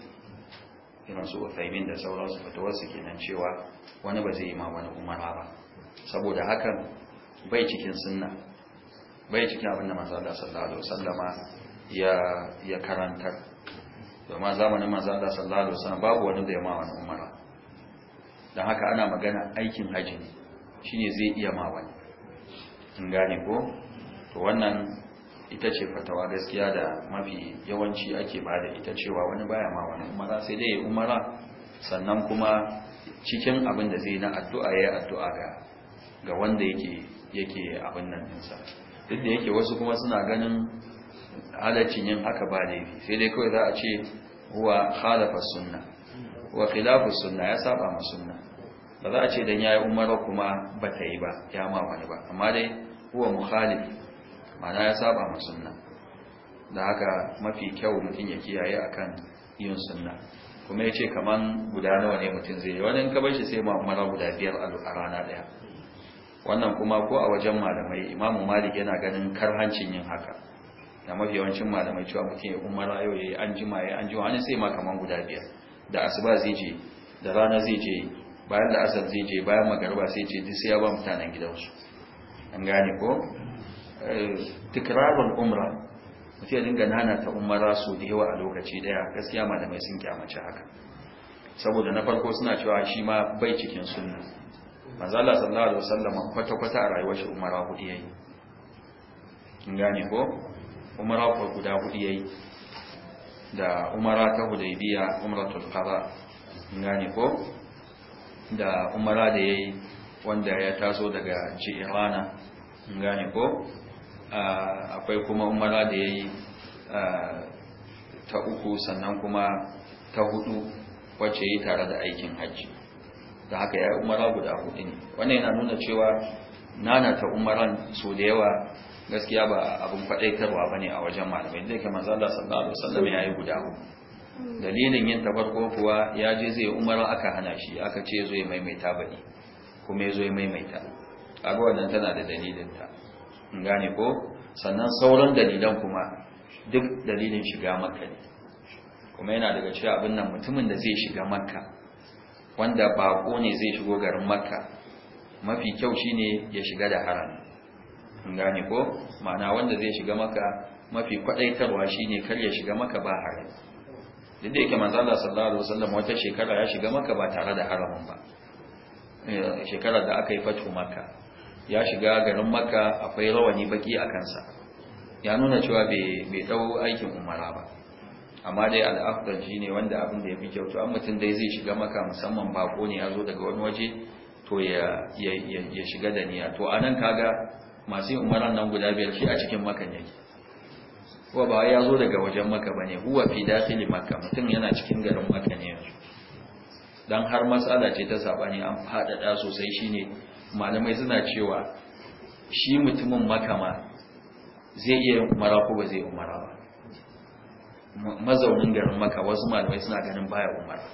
irin su uthaymin da sauransu fatawar su kenan cewa wani ba zai yi ma wani umara ba saboda hakan bai cikin sunna bai cikin abin da manzo Allah sallallahu alaihi wasallama ya karantar domin zamanin manzan Allah sallallahu alaihi wasallam babu wani da ya ma wani umara dan haka ana magana aikin haji ne shine zai iya ma wani in gane ko to wannan ita ce fatawa gaskiya da mafi yawanci ake bada ita cewa wani baya ma wani umara sai dai umara sannan kuma cikin abin da zai na addu'a ya addu'a ga ga wanda yake yake abin nan dinsa duk da yake wasu kuma suna ganin halaccin yin haka ba laifi sai dai kawai za a ce huwa khalafa sunna wa khilafu sunna ya saba ma sunna ba za a ce dan yayi umara kuma ba ta yi ba ya ma wani ba amma dai huwa mukhalif mana ya saba ma sunna da haka mafi kyau mutum ya kiyaye akan yin sunna kuma ya ce kaman guda nawa ne mutum zai yi wani ka bar shi sai ma guda biyar a rana daya wannan kuma ko a wajen malamai imamu malik yana ganin karhancin yin haka na mafi yawancin malamai cewa mutum ya kuma yau ya yi an jima ya an jima wani sai ma kamar guda biyar da asuba zai je da rana zai je bayan da asar zai je bayan magarba sai ce duk sai ya ba mutanen gidansu an gane ko eh, tikrarun umra mutum ya dinga nana ta umara su da yawa a lokaci daya gaskiya malamai sun kyamace haka saboda na farko suna cewa shi ma bai cikin sunna manzala sallallahu alaihi wasallam kwata kwata a rayuwar shi umara hudu yayi kin gane ko umara ko guda hudu yayi da umara ta hudaybiya umratul qada ngani ko da umara da yayi wanda ya taso daga jirana ngani ko akwai kuma umara da yayi ta uku sannan kuma ta hudu wacce yi tare da aikin hajji da haka ya umara guda hudu ne wannan yana nuna cewa nana ta umaran so da yawa gaskiya ba abin faɗaitarwa ba ne a wajen malamai zai kama zala sallallahu alaihi wasallam ya yi guda uku dalilin yin tabarko kuwa ya je zai umara aka hana shi aka ce zo ya maimaita bane kuma ya zo ya maimaita kaga wannan tana da dalilin ta in gane ko sannan sauran dalilan kuma duk dalilin shiga makka ne kuma yana daga cewa abin nan mutumin da zai shiga makka wanda baƙo ne zai shigo garin makka mafi kyau shine ya shiga da haram gane ko ma'ana wanda zai shiga maka mafi kwadaitarwa shine kar ya shiga maka ba harami duk da yake manzo Allah sallallahu alaihi wasallam wata shekara ya shiga maka ba tare da haramin ba eh, shekara da aka yi fatu maka ya shiga garin maka akwai rawani baki a kansa ya nuna cewa bai dau aikin umara ba amma dai al'afdal shine wanda abin da ya fi kyautu an mutum dai zai shiga maka musamman bako ne ya zo daga wani waje to ya shiga da niyya to anan kaga masu yin umaran nan guda biyar shi a cikin makan yake kuwa ba ya zo daga wajen maka bane huwa fi dakhili makka mutum yana cikin garin maka ne yanzu dan har matsala ce ta sabani an fadada sosai shine malamai suna cewa shi mutumin maka ma zai iya umara ko ba zai umara ba mazaunin garin maka wasu malamai suna ganin baya umara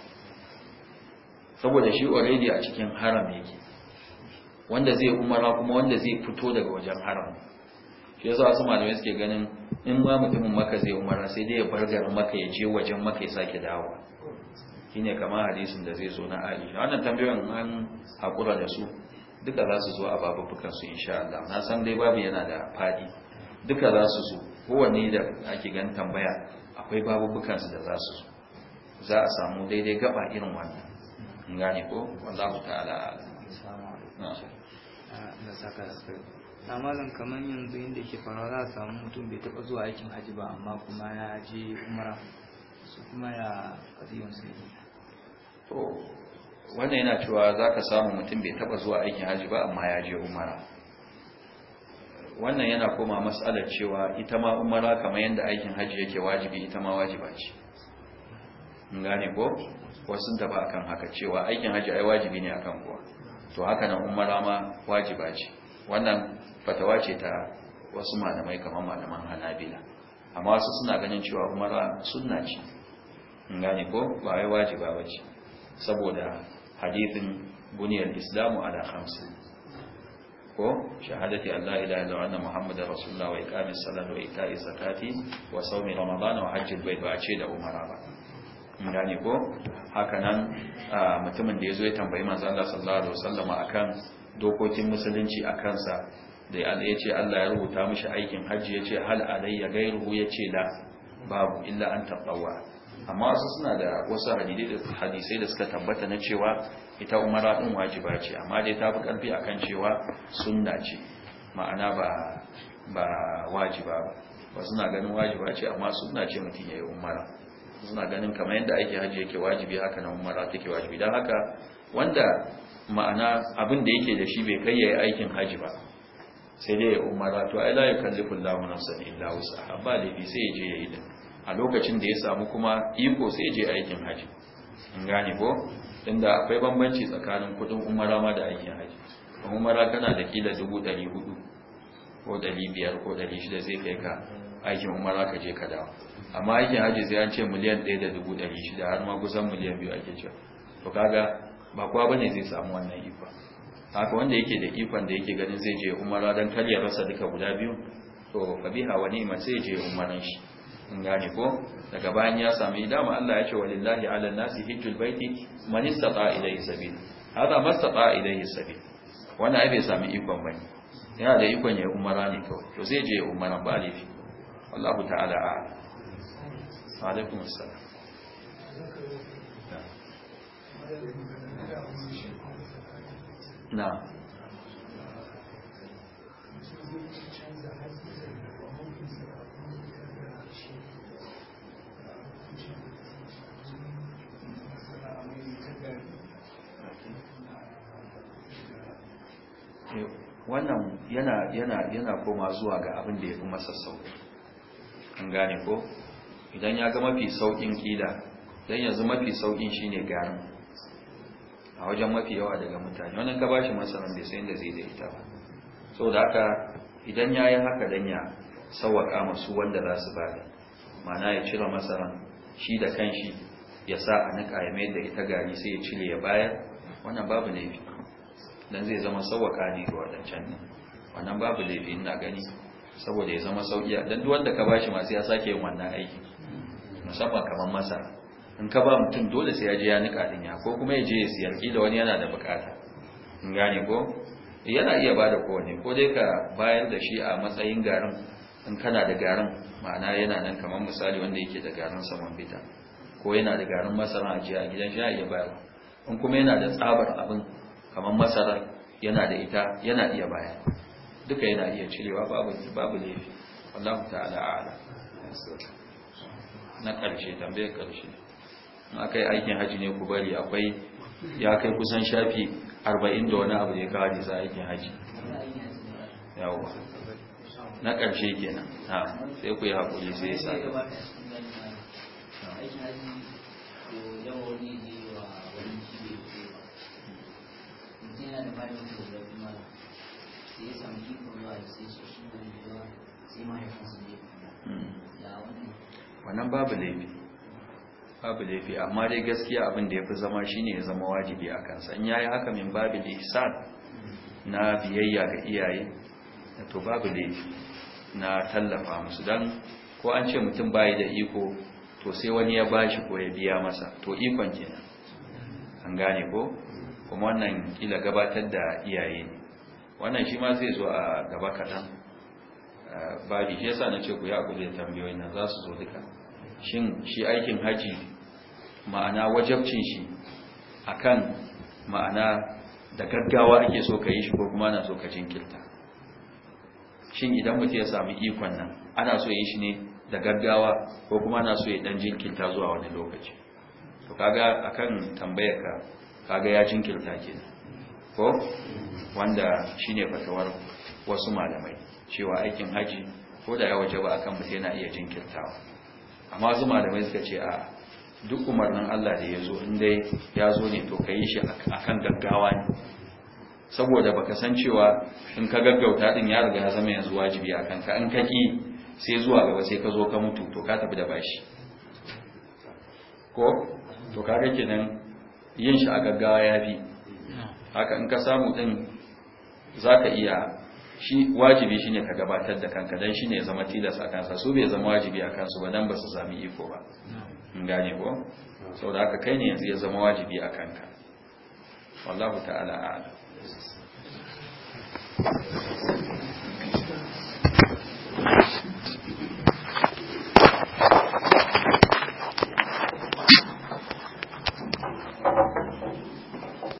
saboda shi already a cikin haram yake wanda zai umara kuma wanda zai fito daga wajen haram shi yasa wasu malamai suke ganin in ba mutumin maka zai umara sai dai ya bar garin maka ya je wajen maka ya sake dawo shine kamar hadisin da zai zo na ali wannan tambayoyin an hakura da su duka za su zo a babubukan su insha Allah na san dai babu yana da fadi duka za su zo kowanne da ake gan tambaya akwai babubukan su da za su zo za a samu daidai gaba irin wannan in gane ko wallahu ta'ala na saka sai zan kamar yanzu inda ke fara za a samu mutum bai taba zuwa aikin haji ba amma kuma ya je umara su kuma ya kadiyon sai to wannan yana cewa za ka samu mutum bai taba zuwa aikin haji ba amma ya je umara wannan yana koma matsalar cewa ita ma umara kamar yadda aikin haji yake wajibi ita ma wajiba ce gane ko wasu da ba akan haka cewa aikin haji ai wajibi ne akan kuwa. to haka nan umara ma wajiba ce wannan fatawa ce ta wasu malamai kamar malaman hanabila amma wasu suna ganin cewa umara sunna ce in gane ko ba wai wajiba ba ce saboda hadithin buniyar islamu ala hamsin ko shahadati Allah ila ila anna muhammadar rasulullah wa ikamis wa ita'i zakati wa saumi ramadan wa hajjil bai ba ce da umara ba gane ko hakanan mutumin da ya zo ya tambayi manzo Allah sallallahu alaihi wasallam akan dokokin musulunci a kansa da ya ce Allah ya rubuta mishi aikin hajji ya ce hal alayya gairuhu ya ce la babu illa an taɓawa amma wasu suna da wasu hadisai da suka tabbata na cewa ita umara din wajiba ce amma dai ta fi ƙarfi a cewa sunna ce ma'ana ba wajiba ba wasu na ganin wajiba ce amma sunna ce mutum ya yi umara suna ganin kamar yadda ake hajji yake wajibi haka na umara take wajibi don haka wanda ma'ana abin da yake da shi bai kai ya yi aikin hajji ba sai dai umara to ai la yukallifu Allahu nafsan illa wus'aha ba da bi sai ya je yi din a lokacin da ya samu kuma iko sai ya je aikin hajji in gane ko tunda akwai bambanci tsakanin kudin umara ma da aikin haji umara kana da kila hudu, ko 500 ko shida zai kai ka aikin umara ka je ka dawo amma aikin hajji sai an ce miliyan 1.600 har ma kusan miliyan 2 ake cewa to kaga ba kowa bane zai samu wannan ifa haka wanda yake da ifan da yake ganin zai je umara dan kar ya rasa duka guda biyu to fabiha wa ni'ma sai je umaran shi in gane ko daga bayan ya sami dama Allah ya ce walillahi ala nasi hijjul baiti man istata ilayhi sabil hada mastata ilayhi sabil wannan ai bai sami ikon bane yana da ikon ya umara ne kawai to zai je umaran ba alifi wallahu ta'ala a'lam alaikum assalam na eh, wannan yana yana yana koma zuwa ga abin da ya fi masa sauki an gane ko idan ya ga mafi saukin kila dan yanzu mafi saukin shine gari a wajen mafi yawa daga mutane wannan ka bashi masalan bai sai inda zai da ita ba saboda haka idan yi haka dan ya sawaka masu wanda za su bada ma'ana ya cire masalan shi da kanshi ya sa a nika ya mai da ita gari sai ya cire ya bayar wannan babu laifi dan zai zama sawaka ne ga wadancan nan wannan babu laifi ina gani saboda ya zama sauki dan duk wanda ka bashi masu ya sake yin wannan aiki musamman kamar masa in ka ba mutum dole sai ya je ya nika din ya ko kuma ya je ya siyar kila wani yana da bukata in gane ko yana iya ba da kowane ko dai ka bayar da shi a matsayin garin in kana da garin ma'ana yana nan kamar misali wanda yake da garin saman bita ko yana da garin masara a jiya gidan shi yana iya bayar, in kuma yana da tsabar abin kamar masarar yana da ita yana iya baya duka yana iya cirewa babu babu laifi wallahu ta'ala a'ala na ƙarshe tambayar ƙarshe in aka aikin haji ne ku bari akwai ya kai kusan shafi arba'in da wani abu ne kawo ne za aikin haji yawa na ƙarshe kenan ha sai ku yi hakuri sai ya sa wannan babu laifi babu laifi amma dai gaskiya abin da ya fi zama shine ya zama wajibi a kansa in yayi haka min babu ihsan na biyayya ga iyaye to babu laifi na tallafa musu dan ko an ce mutum bayi da iko to sai wani ya bashi ko ya biya masa to ikon kenan an gane ko kuma wannan kila gabatar da iyaye ne wannan shi ma zai zo a gaba kaɗan babi shi yasa na ce ku yi hakuri da tambayoyin nan za su zo duka shin shi aikin haji ma'ana wajabcin shi akan ma'ana da gaggawa ake so ka yi shi ko kuma ana so ka jinkirta shin idan mutum ya samu ikon nan ana so ya yi shi ne da gaggawa ko kuma ana so ya dan jinkirta zuwa wani lokaci to kaga akan tambayar ka kaga ya jinkirta kenan ko wanda shine fatawar wasu malamai cewa aikin haji ko da ya waje ba akan mutum na iya jinkirtawa amma zuma malamai mai suka ce a duk umarnin Allah da ya zo dai ya zo ne to ka yi shi akan gaggawa ne saboda ba ka san cewa in ka gaggauta din ya riga ya zama yanzu wajibi a kanka in ka ki sai zuwa gaba sai ka zo ka mutu to ka tafi da bashi ko to ga kenan yin shi a gaggawa ya fi haka in ka samu din za ka iya shi wajibi shine ka gabatar da kanka dan shine ya zama tilas a kansa su bai zama wajibi a kansu ba dan ba su sami iko ba in gane ko saboda haka kai ne yanzu ya zama wajibi a kanka wallahu ta'ala a'lam